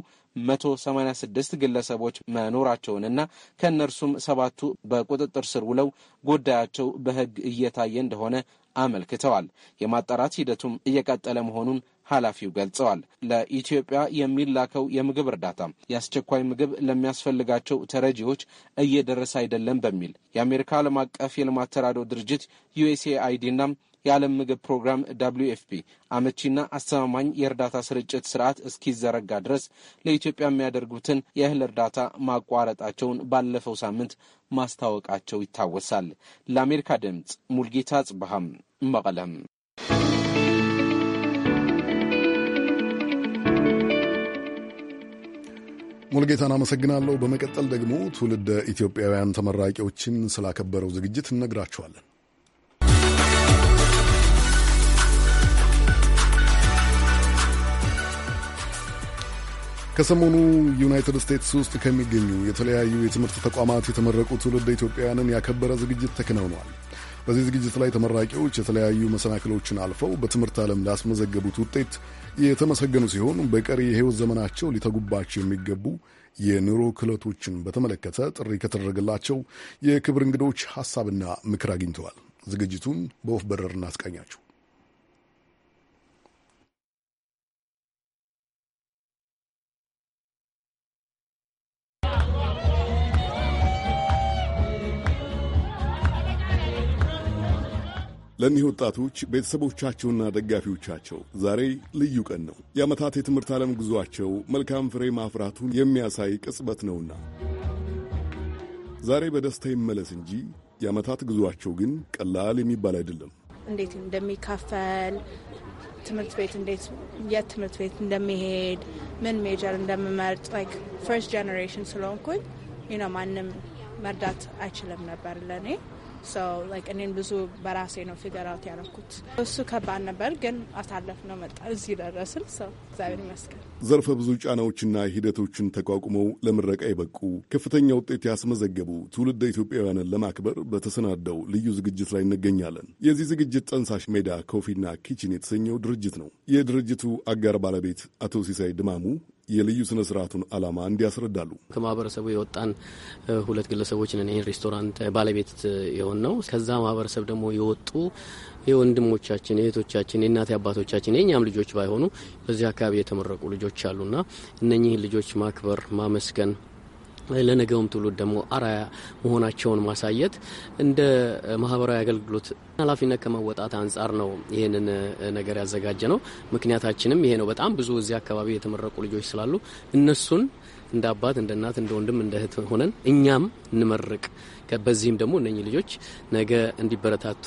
186 ግለሰቦች መኖራቸውንና ከእነርሱም ሰባቱ በቁጥጥር ስር ውለው ጉዳያቸው በሕግ እየታየ እንደሆነ አመልክተዋል። የማጣራት ሂደቱም እየቀጠለ መሆኑን ኃላፊው ገልጸዋል። ለኢትዮጵያ የሚላከው የምግብ እርዳታ የአስቸኳይ ምግብ ለሚያስፈልጋቸው ተረጂዎች እየደረሰ አይደለም በሚል የአሜሪካ ዓለም አቀፍ የልማት ተራድኦ ድርጅት ዩኤስኤአይዲና የዓለም ምግብ ፕሮግራም ደብሊዩ ኤፍ ፒ አመቺና አስተማማኝ የእርዳታ ስርጭት ስርዓት እስኪዘረጋ ድረስ ለኢትዮጵያ የሚያደርጉትን የእህል እርዳታ ማቋረጣቸውን ባለፈው ሳምንት ማስታወቃቸው ይታወሳል። ለአሜሪካ ድምፅ ሙልጌታ ጽበሃም መቀለም ሙልጌታን አመሰግናለሁ። በመቀጠል ደግሞ ትውልድ ኢትዮጵያውያን ተመራቂዎችን ስላከበረው ዝግጅት እነግራችኋለን። ከሰሞኑ ዩናይትድ ስቴትስ ውስጥ ከሚገኙ የተለያዩ የትምህርት ተቋማት የተመረቁ ትውልደ ኢትዮጵያውያንን ያከበረ ዝግጅት ተከናውኗል። በዚህ ዝግጅት ላይ ተመራቂዎች የተለያዩ መሰናክሎችን አልፈው በትምህርት ዓለም ላስመዘገቡት ውጤት የተመሰገኑ ሲሆን በቀሪ የህይወት ዘመናቸው ሊተጉባቸው የሚገቡ የኑሮ ክህሎቶችን በተመለከተ ጥሪ ከተደረገላቸው የክብር እንግዶች ሀሳብና ምክር አግኝተዋል። ዝግጅቱን በወፍ በረር እናስቃኛችሁ። ለእኒህ ወጣቶች ቤተሰቦቻቸውና ደጋፊዎቻቸው ዛሬ ልዩ ቀን ነው። የዓመታት የትምህርት ዓለም ጉዟቸው መልካም ፍሬ ማፍራቱን የሚያሳይ ቅጽበት ነውና ዛሬ በደስታ ይመለስ እንጂ የዓመታት ጉዟቸው ግን ቀላል የሚባል አይደለም። እንዴት እንደሚካፈል ትምህርት ቤት እንዴት የት ትምህርት ቤት እንደሚሄድ ምን ሜጀር እንደምመርጥ ላይክ ፈርስት ጀኔሬሽን ስለሆንኩኝ ማንም መርዳት አይችልም ነበር ለእኔ ብዙ በራሴ ነው ፊገራት ያደረኩት። እሱ ከባድ ነበር፣ ግን አሳለፍ ነው መጣ እዚህ ደረስን። ሰው እግዚአብሔር ይመስገን። ዘርፈ ብዙ ጫናዎችና ሂደቶችን ተቋቁመው ለምረቃ የበቁ ከፍተኛ ውጤት ያስመዘገቡ ትውልደ ኢትዮጵያውያንን ለማክበር በተሰናደው ልዩ ዝግጅት ላይ እንገኛለን። የዚህ ዝግጅት ጠንሳሽ ሜዳ ኮፊና ኪችን የተሰኘው ድርጅት ነው። የድርጅቱ አጋር ባለቤት አቶ ሲሳይ ድማሙ የልዩ ስነ ስርዓቱን አላማ እንዲያስረዳሉ ከማህበረሰቡ የወጣን ሁለት ግለሰቦች ነን። ይህን ሬስቶራንት ባለቤት የሆን ነው። ከዛ ማህበረሰብ ደግሞ የወጡ የወንድሞቻችን፣ የእህቶቻችን፣ የእናት አባቶቻችን የእኛም ልጆች ባይሆኑ በዚህ አካባቢ የተመረቁ ልጆች አሉና እነኚህን ልጆች ማክበር ማመስገን ለነገውም ትውልድ ደግሞ አራያ መሆናቸውን ማሳየት እንደ ማህበራዊ አገልግሎት ኃላፊነት ከመወጣት አንጻር ነው ይህንን ነገር ያዘጋጀ ነው። ምክንያታችንም ይሄ ነው። በጣም ብዙ እዚህ አካባቢ የተመረቁ ልጆች ስላሉ እነሱን እንደ አባት፣ እንደ እናት፣ እንደ ወንድም፣ እንደ እህት ሆነን እኛም እንመርቅ። በዚህም ደግሞ እነኚህ ልጆች ነገ እንዲበረታቱ፣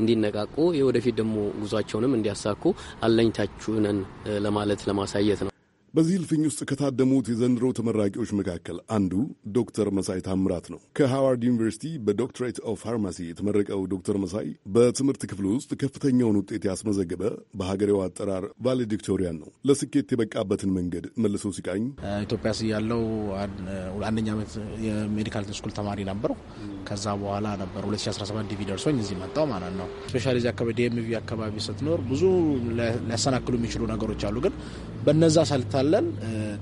እንዲነቃቁ፣ የወደፊት ደግሞ ጉዟቸውንም እንዲያሳኩ አለኝታችሁነን ለማለት ለማሳየት ነው። በዚህ እልፍኝ ውስጥ ከታደሙት የዘንድሮ ተመራቂዎች መካከል አንዱ ዶክተር መሳይ ታምራት ነው። ከሃዋርድ ዩኒቨርሲቲ በዶክትሬት ኦፍ ፋርማሲ የተመረቀው ዶክተር መሳይ በትምህርት ክፍል ውስጥ ከፍተኛውን ውጤት ያስመዘገበ በሀገሬው አጠራር ቫሌዲክቶሪያን ነው። ለስኬት የበቃበትን መንገድ መልሶ ሲቃኝ ኢትዮጵያ ያለው አንደኛ ዓመት የሜዲካል ስኩል ተማሪ ነበረው። ከዛ በኋላ ነበር 2017 ዲቪ ደርሶኝ እዚህ መጣው ማለት ነው። ስፔሻሊ አካባቢ ዲኤምቪ አካባቢ ስትኖር ብዙ ሊያሰናክሉ የሚችሉ ነገሮች አሉ። ግን በነዛ ሳልታ ስላለን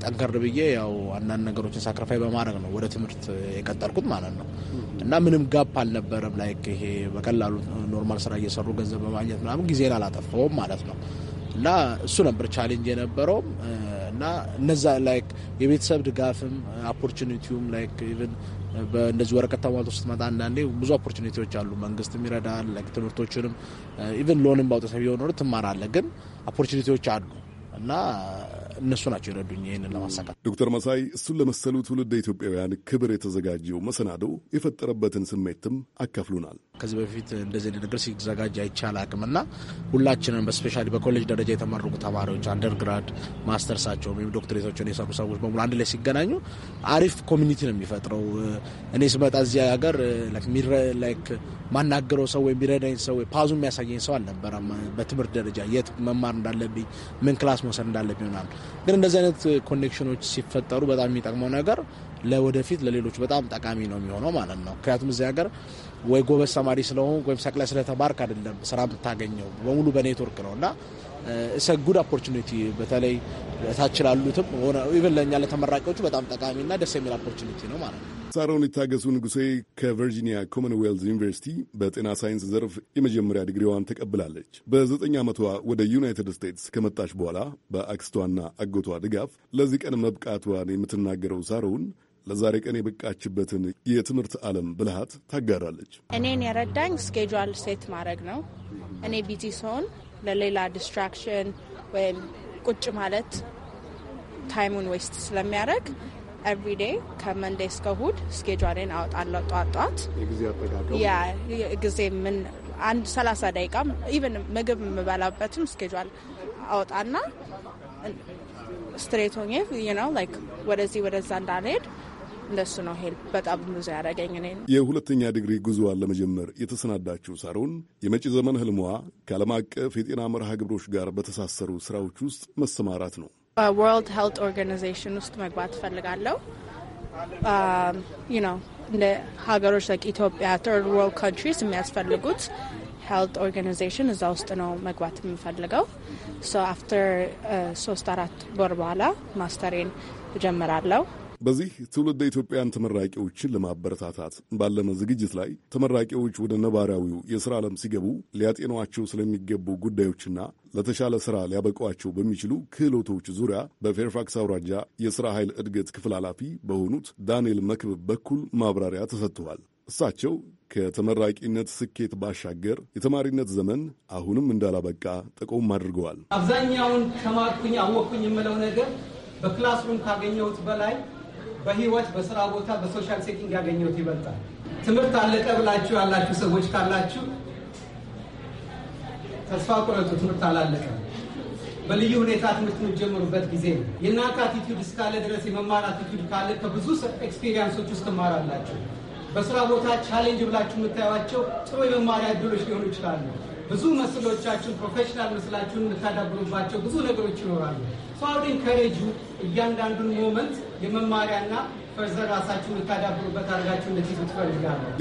ጠንከር ብዬ ያው አንዳንድ ነገሮችን ሳክሪፋይ በማድረግ ነው ወደ ትምህርት የቀጠልኩት ማለት ነው። እና ምንም ጋፕ አልነበረም። ላይክ ይሄ በቀላሉ ኖርማል ስራ እየሰሩ ገንዘብ በማግኘት ምናምን ጊዜን አላጠፋውም ማለት ነው። እና እሱ ነበር ቻሌንጅ የነበረውም እና እነዛ ላይክ የቤተሰብ ድጋፍም ኦፖርቹኒቲውም ላይክ ኢቨን እንደዚህ ወረቀት ተሟልቶ ስትመጣ አንዳንዴ ብዙ ኦፖርቹኒቲዎች አሉ። መንግስትም ይረዳል። ላይክ ትምህርቶችንም ኢቨን ሎንም ባውጠሰብ ቢሆን ትማራለ ግን ኦፖርቹኒቲዎች አሉ እና እነሱ ናቸው የረዱኝ ይህንን ለማሳካት። ዶክተር መሳይ እሱን ለመሰሉ ትውልድ ኢትዮጵያውያን ክብር የተዘጋጀው መሰናዶ የፈጠረበትን ስሜትም አካፍሉናል። ከዚህ በፊት እንደዚህ ነገር ሲዘጋጅ አይቻል አቅምና ሁላችንም በስፔሻሊ በኮሌጅ ደረጃ የተመረቁ ተማሪዎች አንደርግራድ ማስተርሳቸውም ወይም ዶክትሬቶችን የሰሩ ሰዎች በሙሉ አንድ ላይ ሲገናኙ አሪፍ ኮሚኒቲ ነው የሚፈጥረው። እኔ ስመጣ እዚያ ሀገር ማናገረው ሰው ወይም የሚረዳኝ ሰው ፓዙ የሚያሳየኝ ሰው አልነበረም። በትምህርት ደረጃ የት መማር እንዳለብኝ ምን ክላስ መውሰድ እንዳለብኝ ምናምን ግን እንደዚህ አይነት ኮኔክሽኖች ሲፈጠሩ በጣም የሚጠቅመው ነገር ለወደፊት ለሌሎች በጣም ጠቃሚ ነው የሚሆነው ማለት ነው። ምክንያቱም እዚህ ሀገር ወይ ጎበዝ ተማሪ ስለሆንክ ወይም ሰቅለ ስለተማርክ አይደለም ስራ የምታገኘው በሙሉ በኔትወርክ ነው እና ጉድ uh, ኦፖርቹኒቲ በተለይ ታች ላሉትም ሆነ ኢቨን ለእኛ ለተመራቂዎቹ በጣም ጠቃሚና ደስ የሚል ኦፖርቹኒቲ ነው ማለት ነው። ሳሮን የታገሱ ንጉሴ ከቨርጂኒያ ኮመንዌልዝ ዩኒቨርሲቲ በጤና ሳይንስ ዘርፍ የመጀመሪያ ዲግሪዋን ተቀብላለች። በዘጠኝ ዓመቷ ወደ ዩናይትድ ስቴትስ ከመጣች በኋላ በአክስቷና አጎቷ ድጋፍ ለዚህ ቀን መብቃቷን የምትናገረው ሳሮን ለዛሬ ቀን የበቃችበትን የትምህርት ዓለም ብልሃት ታጋራለች። እኔን የረዳኝ ስኬጁል ሴት ማድረግ ነው። እኔ ቢዚ ስሆን ለሌላ ዲስትራክሽን ወይም ቁጭ ማለት ታይሙን ዌስት ስለሚያደርግ ኤቭሪዴ ከመንዴ እስከ እሁድ ስኬጇሌን አወጣለሁ። ጧት ጧት ያ ጊዜ ምን አንድ ሰላሳ ደቂቃ ኢቨን ምግብ የምበላበትም ስኬጇል አወጣና ስትሬት ሆኜ ነው ወደዚህ ወደዛ እንዳልሄድ እንደሱ ነው ሄል በጣም ብዙ ያደረገኝ። እኔ የሁለተኛ ዲግሪ ጉዞዋን ለመጀመር የተሰናዳችው ሳሮን የመጪ ዘመን ህልሟ ከዓለም አቀፍ የጤና መርሃ ግብሮች ጋር በተሳሰሩ ስራዎች ውስጥ መሰማራት ነው። በወርልድ ሄልት ኦርጋናይዜሽን ውስጥ መግባት እፈልጋለሁ። ነው um, እንደ ሀገሮች ላይክ ኢትዮጵያ ተርድ ወርልድ ካንትሪስ የሚያስፈልጉት ሄልት ኦርጋናይዜሽን እዛ ውስጥ ነው መግባት የምፈልገው። ሶ አፍተር uh, ሶስት አራት ወር በኋላ ማስተሬን እጀምራለሁ። በዚህ ትውልደ ኢትዮጵያን ተመራቂዎችን ለማበረታታት ባለመ ዝግጅት ላይ ተመራቂዎች ወደ ነባራዊው የሥራ ዓለም ሲገቡ ሊያጤኗቸው ስለሚገቡ ጉዳዮችና ለተሻለ ሥራ ሊያበቋቸው በሚችሉ ክህሎቶች ዙሪያ በፌርፋክስ አውራጃ የሥራ ኃይል እድገት ክፍል ኃላፊ በሆኑት ዳንኤል መክብብ በኩል ማብራሪያ ተሰጥተዋል። እሳቸው ከተመራቂነት ስኬት ባሻገር የተማሪነት ዘመን አሁንም እንዳላበቃ ጠቆም አድርገዋል። አብዛኛውን ተማርኩኝ አወቅኩኝ የምለው ነገር በክላስሩም ካገኘሁት በላይ በህይወት በስራ ቦታ በሶሻል ሴቲንግ ያገኘሁት ይበልጣል። ትምህርት አለቀ ብላችሁ ያላችሁ ሰዎች ካላችሁ ተስፋ ቁረጡ። ትምህርት አላለቀ። በልዩ ሁኔታ ትምህርት የምትጀምሩበት ጊዜ ነው። የእናንተ አቲቱድ እስካለ ድረስ የመማር አቲቱድ ካለ ከብዙ ኤክስፔሪንሶች ውስጥ ትማራላችሁ። በስራ ቦታ ቻሌንጅ ብላችሁ የምታዩቸው ጥሩ የመማሪያ እድሎች ሊሆኑ ይችላሉ። ብዙ መስሎቻችሁን ፕሮፌሽናል መስላችሁን የምታዳብሩባቸው ብዙ ነገሮች ይኖራሉ። ሰው አውድ ኢንከሬጁ እያንዳንዱን ሞመንት የመማሪያና ልታዳብሩበት አድርጋችሁ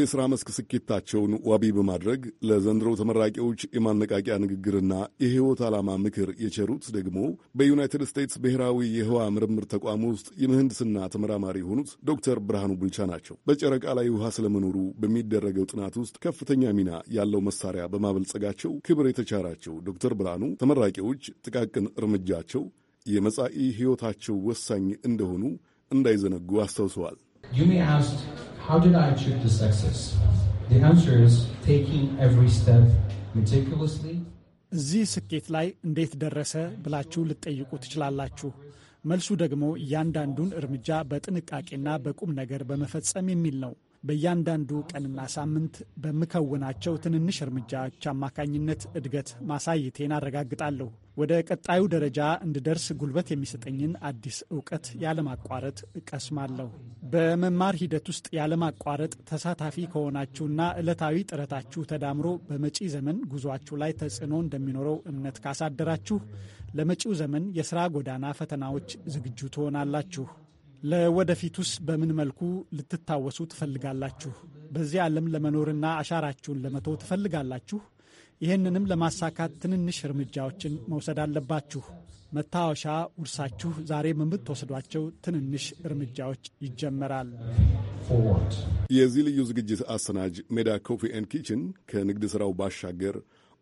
የስራ መስክ ስኬታቸውን ዋቢ በማድረግ ለዘንድሮ ተመራቂዎች የማነቃቂያ ንግግርና የህይወት ዓላማ ምክር የቸሩት ደግሞ በዩናይትድ ስቴትስ ብሔራዊ የህዋ ምርምር ተቋም ውስጥ የምህንድስና ተመራማሪ የሆኑት ዶክተር ብርሃኑ ቡልቻ ናቸው። በጨረቃ ላይ ውሃ ስለመኖሩ በሚደረገው ጥናት ውስጥ ከፍተኛ ሚና ያለው መሳሪያ በማበልጸጋቸው ክብር የተቻራቸው ዶክተር ብርሃኑ ተመራቂዎች ጥቃቅን እርምጃቸው የመጻኢ ሕይወታቸው ወሳኝ እንደሆኑ እንዳይዘነጉ አስታውሰዋል። እዚህ ስኬት ላይ እንዴት ደረሰ ብላችሁ ልትጠይቁ ትችላላችሁ። መልሱ ደግሞ እያንዳንዱን እርምጃ በጥንቃቄና በቁም ነገር በመፈጸም የሚል ነው። በእያንዳንዱ ቀንና ሳምንት በምከውናቸው ትንንሽ እርምጃዎች አማካኝነት እድገት ማሳየቴን አረጋግጣለሁ። ወደ ቀጣዩ ደረጃ እንድደርስ ጉልበት የሚሰጠኝን አዲስ እውቀት ያለማቋረጥ እቀስማለሁ። በመማር ሂደት ውስጥ ያለማቋረጥ ተሳታፊ ከሆናችሁና ዕለታዊ ጥረታችሁ ተዳምሮ በመጪ ዘመን ጉዟችሁ ላይ ተጽዕኖ እንደሚኖረው እምነት ካሳደራችሁ ለመጪው ዘመን የሥራ ጎዳና ፈተናዎች ዝግጁ ትሆናላችሁ። ለወደፊቱስ በምን መልኩ ልትታወሱ ትፈልጋላችሁ? በዚህ ዓለም ለመኖርና አሻራችሁን ለመተው ትፈልጋላችሁ? ይህንንም ለማሳካት ትንንሽ እርምጃዎችን መውሰድ አለባችሁ። መታወሻ ውርሳችሁ ዛሬ በምትወስዷቸው ትንንሽ እርምጃዎች ይጀመራል። የዚህ ልዩ ዝግጅት አሰናጅ ሜዳ ኮፊ ኤንድ ኪችን ከንግድ ሥራው ባሻገር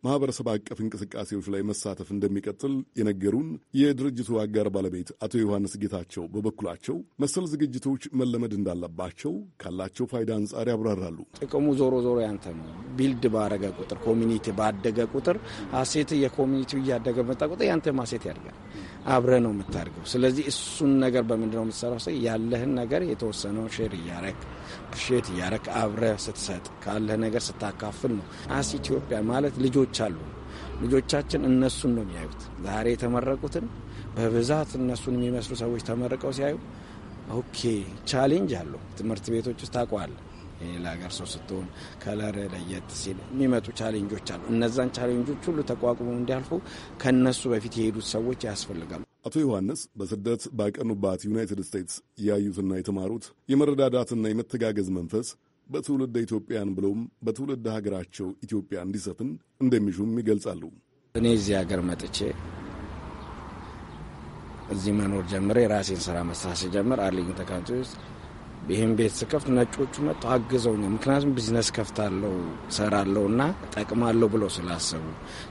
ማህበረሰብ አቀፍ እንቅስቃሴዎች ላይ መሳተፍ እንደሚቀጥል የነገሩን የድርጅቱ አጋር ባለቤት አቶ ዮሐንስ ጌታቸው በበኩላቸው መሰል ዝግጅቶች መለመድ እንዳለባቸው ካላቸው ፋይዳ አንጻር ያብራራሉ። ጥቅሙ ዞሮ ዞሮ ያንተ ነው። ቢልድ ባረገ ቁጥር ኮሚኒቲ ባደገ ቁጥር አሴት የኮሚኒቲ እያደገ መጣ ቁጥር ያንተ ማሴት ያድጋል። አብረ ነው የምታድገው። ስለዚህ እሱን ነገር በምንድነው የምትሰራው? ያለህን ነገር የተወሰነውን ሼር እያረግ አፕሪሺየት እያረክ አብረህ ስትሰጥ ካለህ ነገር ስታካፍል ነው። አስ ኢትዮጵያ ማለት ልጆች አሉ። ልጆቻችን እነሱን ነው የሚያዩት። ዛሬ የተመረቁትን በብዛት እነሱን የሚመስሉ ሰዎች ተመርቀው ሲያዩ ኦኬ ቻሌንጅ አለው። ትምህርት ቤቶች ውስጥ ታውቀዋለህ። የሌላ ሀገር ሰው ስትሆን ከለር ለየት ሲል የሚመጡ ቻሌንጆች አሉ። እነዛን ቻሌንጆች ሁሉ ተቋቁሞ እንዲያልፉ ከነሱ በፊት የሄዱት ሰዎች ያስፈልጋሉ። አቶ ዮሐንስ በስደት ባቀኑባት ዩናይትድ ስቴትስ ያዩትና የተማሩት የመረዳዳትና የመተጋገዝ መንፈስ በትውልደ ኢትዮጵያን ብለውም በትውልድ ሀገራቸው ኢትዮጵያ እንዲሰፍን እንደሚሹም ይገልጻሉ። እኔ እዚህ ሀገር መጥቼ እዚህ መኖር ጀምሬ የራሴን ስራ መስራት ሲጀምር አርሊንግተን ካንቲ ውስጥ ይህን ቤት ስከፍት ነጮቹ መጥተው አግዘውኛል። ምክንያቱም ቢዝነስ ከፍታለው ሰራለው እና ጠቅማለሁ ብለው ስላሰቡ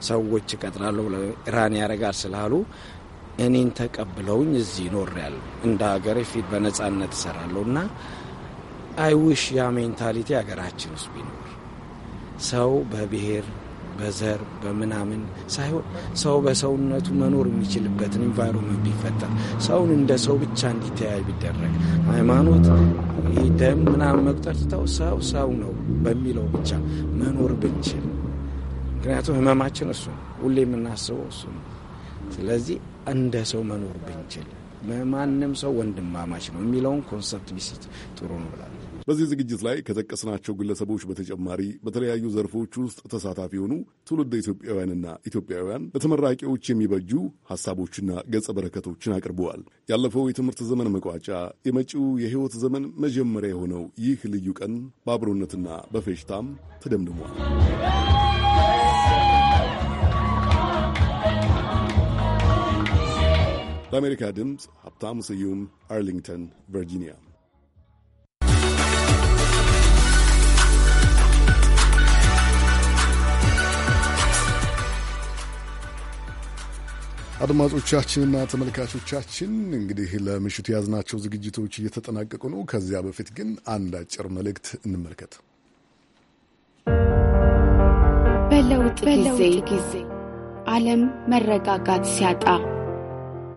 ሰዎች እቀጥራለሁ ብለው ራን ያደርጋል ስላሉ እኔን ተቀብለውኝ እዚህ ኖር ያሉ እንደ ሀገሬ ፊት በነጻነት እሰራለሁ እና አይውሽ ያ ሜንታሊቲ ሀገራችን ውስጥ ቢኖር ሰው በብሔር በዘር በምናምን ሳይሆን ሰው በሰውነቱ መኖር የሚችልበትን ኢንቫይሮንመንት ቢፈጠር ሰውን እንደ ሰው ብቻ እንዲተያይ ቢደረግ ሃይማኖት፣ ደም ምናምን መቁጠር ትተው ሰው ሰው ነው በሚለው ብቻ መኖር ብንችል። ምክንያቱም ህመማችን እሱ ነው፣ ሁሌ የምናስበው እሱ ነው። ስለዚህ እንደ ሰው መኖር ብንችል ማንም ሰው ወንድማማች ነው የሚለውን ኮንሰፕት ቢስት ጥሩ ነው ብላል። በዚህ ዝግጅት ላይ ከጠቀስናቸው ግለሰቦች በተጨማሪ በተለያዩ ዘርፎች ውስጥ ተሳታፊ የሆኑ ትውልደ ኢትዮጵያውያንና ኢትዮጵያውያን ለተመራቂዎች የሚበጁ ሀሳቦችና ገጸ በረከቶችን አቅርበዋል። ያለፈው የትምህርት ዘመን መቋጫ፣ የመጪው የህይወት ዘመን መጀመሪያ የሆነው ይህ ልዩ ቀን በአብሮነትና በፌሽታም ተደምድሟል። ለአሜሪካ ድምፅ ሀብታሙ ስዩም አርሊንግተን ቨርጂኒያ። አድማጮቻችንና ተመልካቾቻችን እንግዲህ ለምሽቱ የያዝናቸው ዝግጅቶች እየተጠናቀቁ ነው። ከዚያ በፊት ግን አንድ አጭር መልእክት እንመልከት። በለውጥ ጊዜ ዓለም መረጋጋት ሲያጣ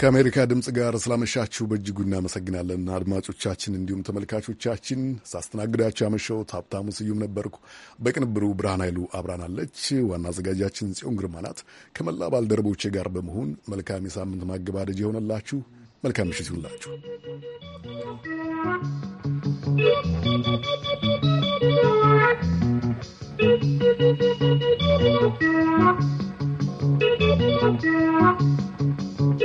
ከአሜሪካ ድምፅ ጋር ስላመሻችሁ በእጅጉ እናመሰግናለን አድማጮቻችን፣ እንዲሁም ተመልካቾቻችን። ሳስተናግዳችሁ ያመሸሁት ሀብታሙ ስዩም ነበርኩ። በቅንብሩ ብርሃን ኃይሉ አብራናለች። ዋና አዘጋጃችን ጽዮን ግርማ ናት። ከመላ ባልደረቦቼ ጋር በመሆን መልካም የሳምንት ማገባደጅ የሆነላችሁ መልካም ምሽት ይሁንላችሁ።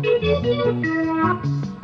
Thank you.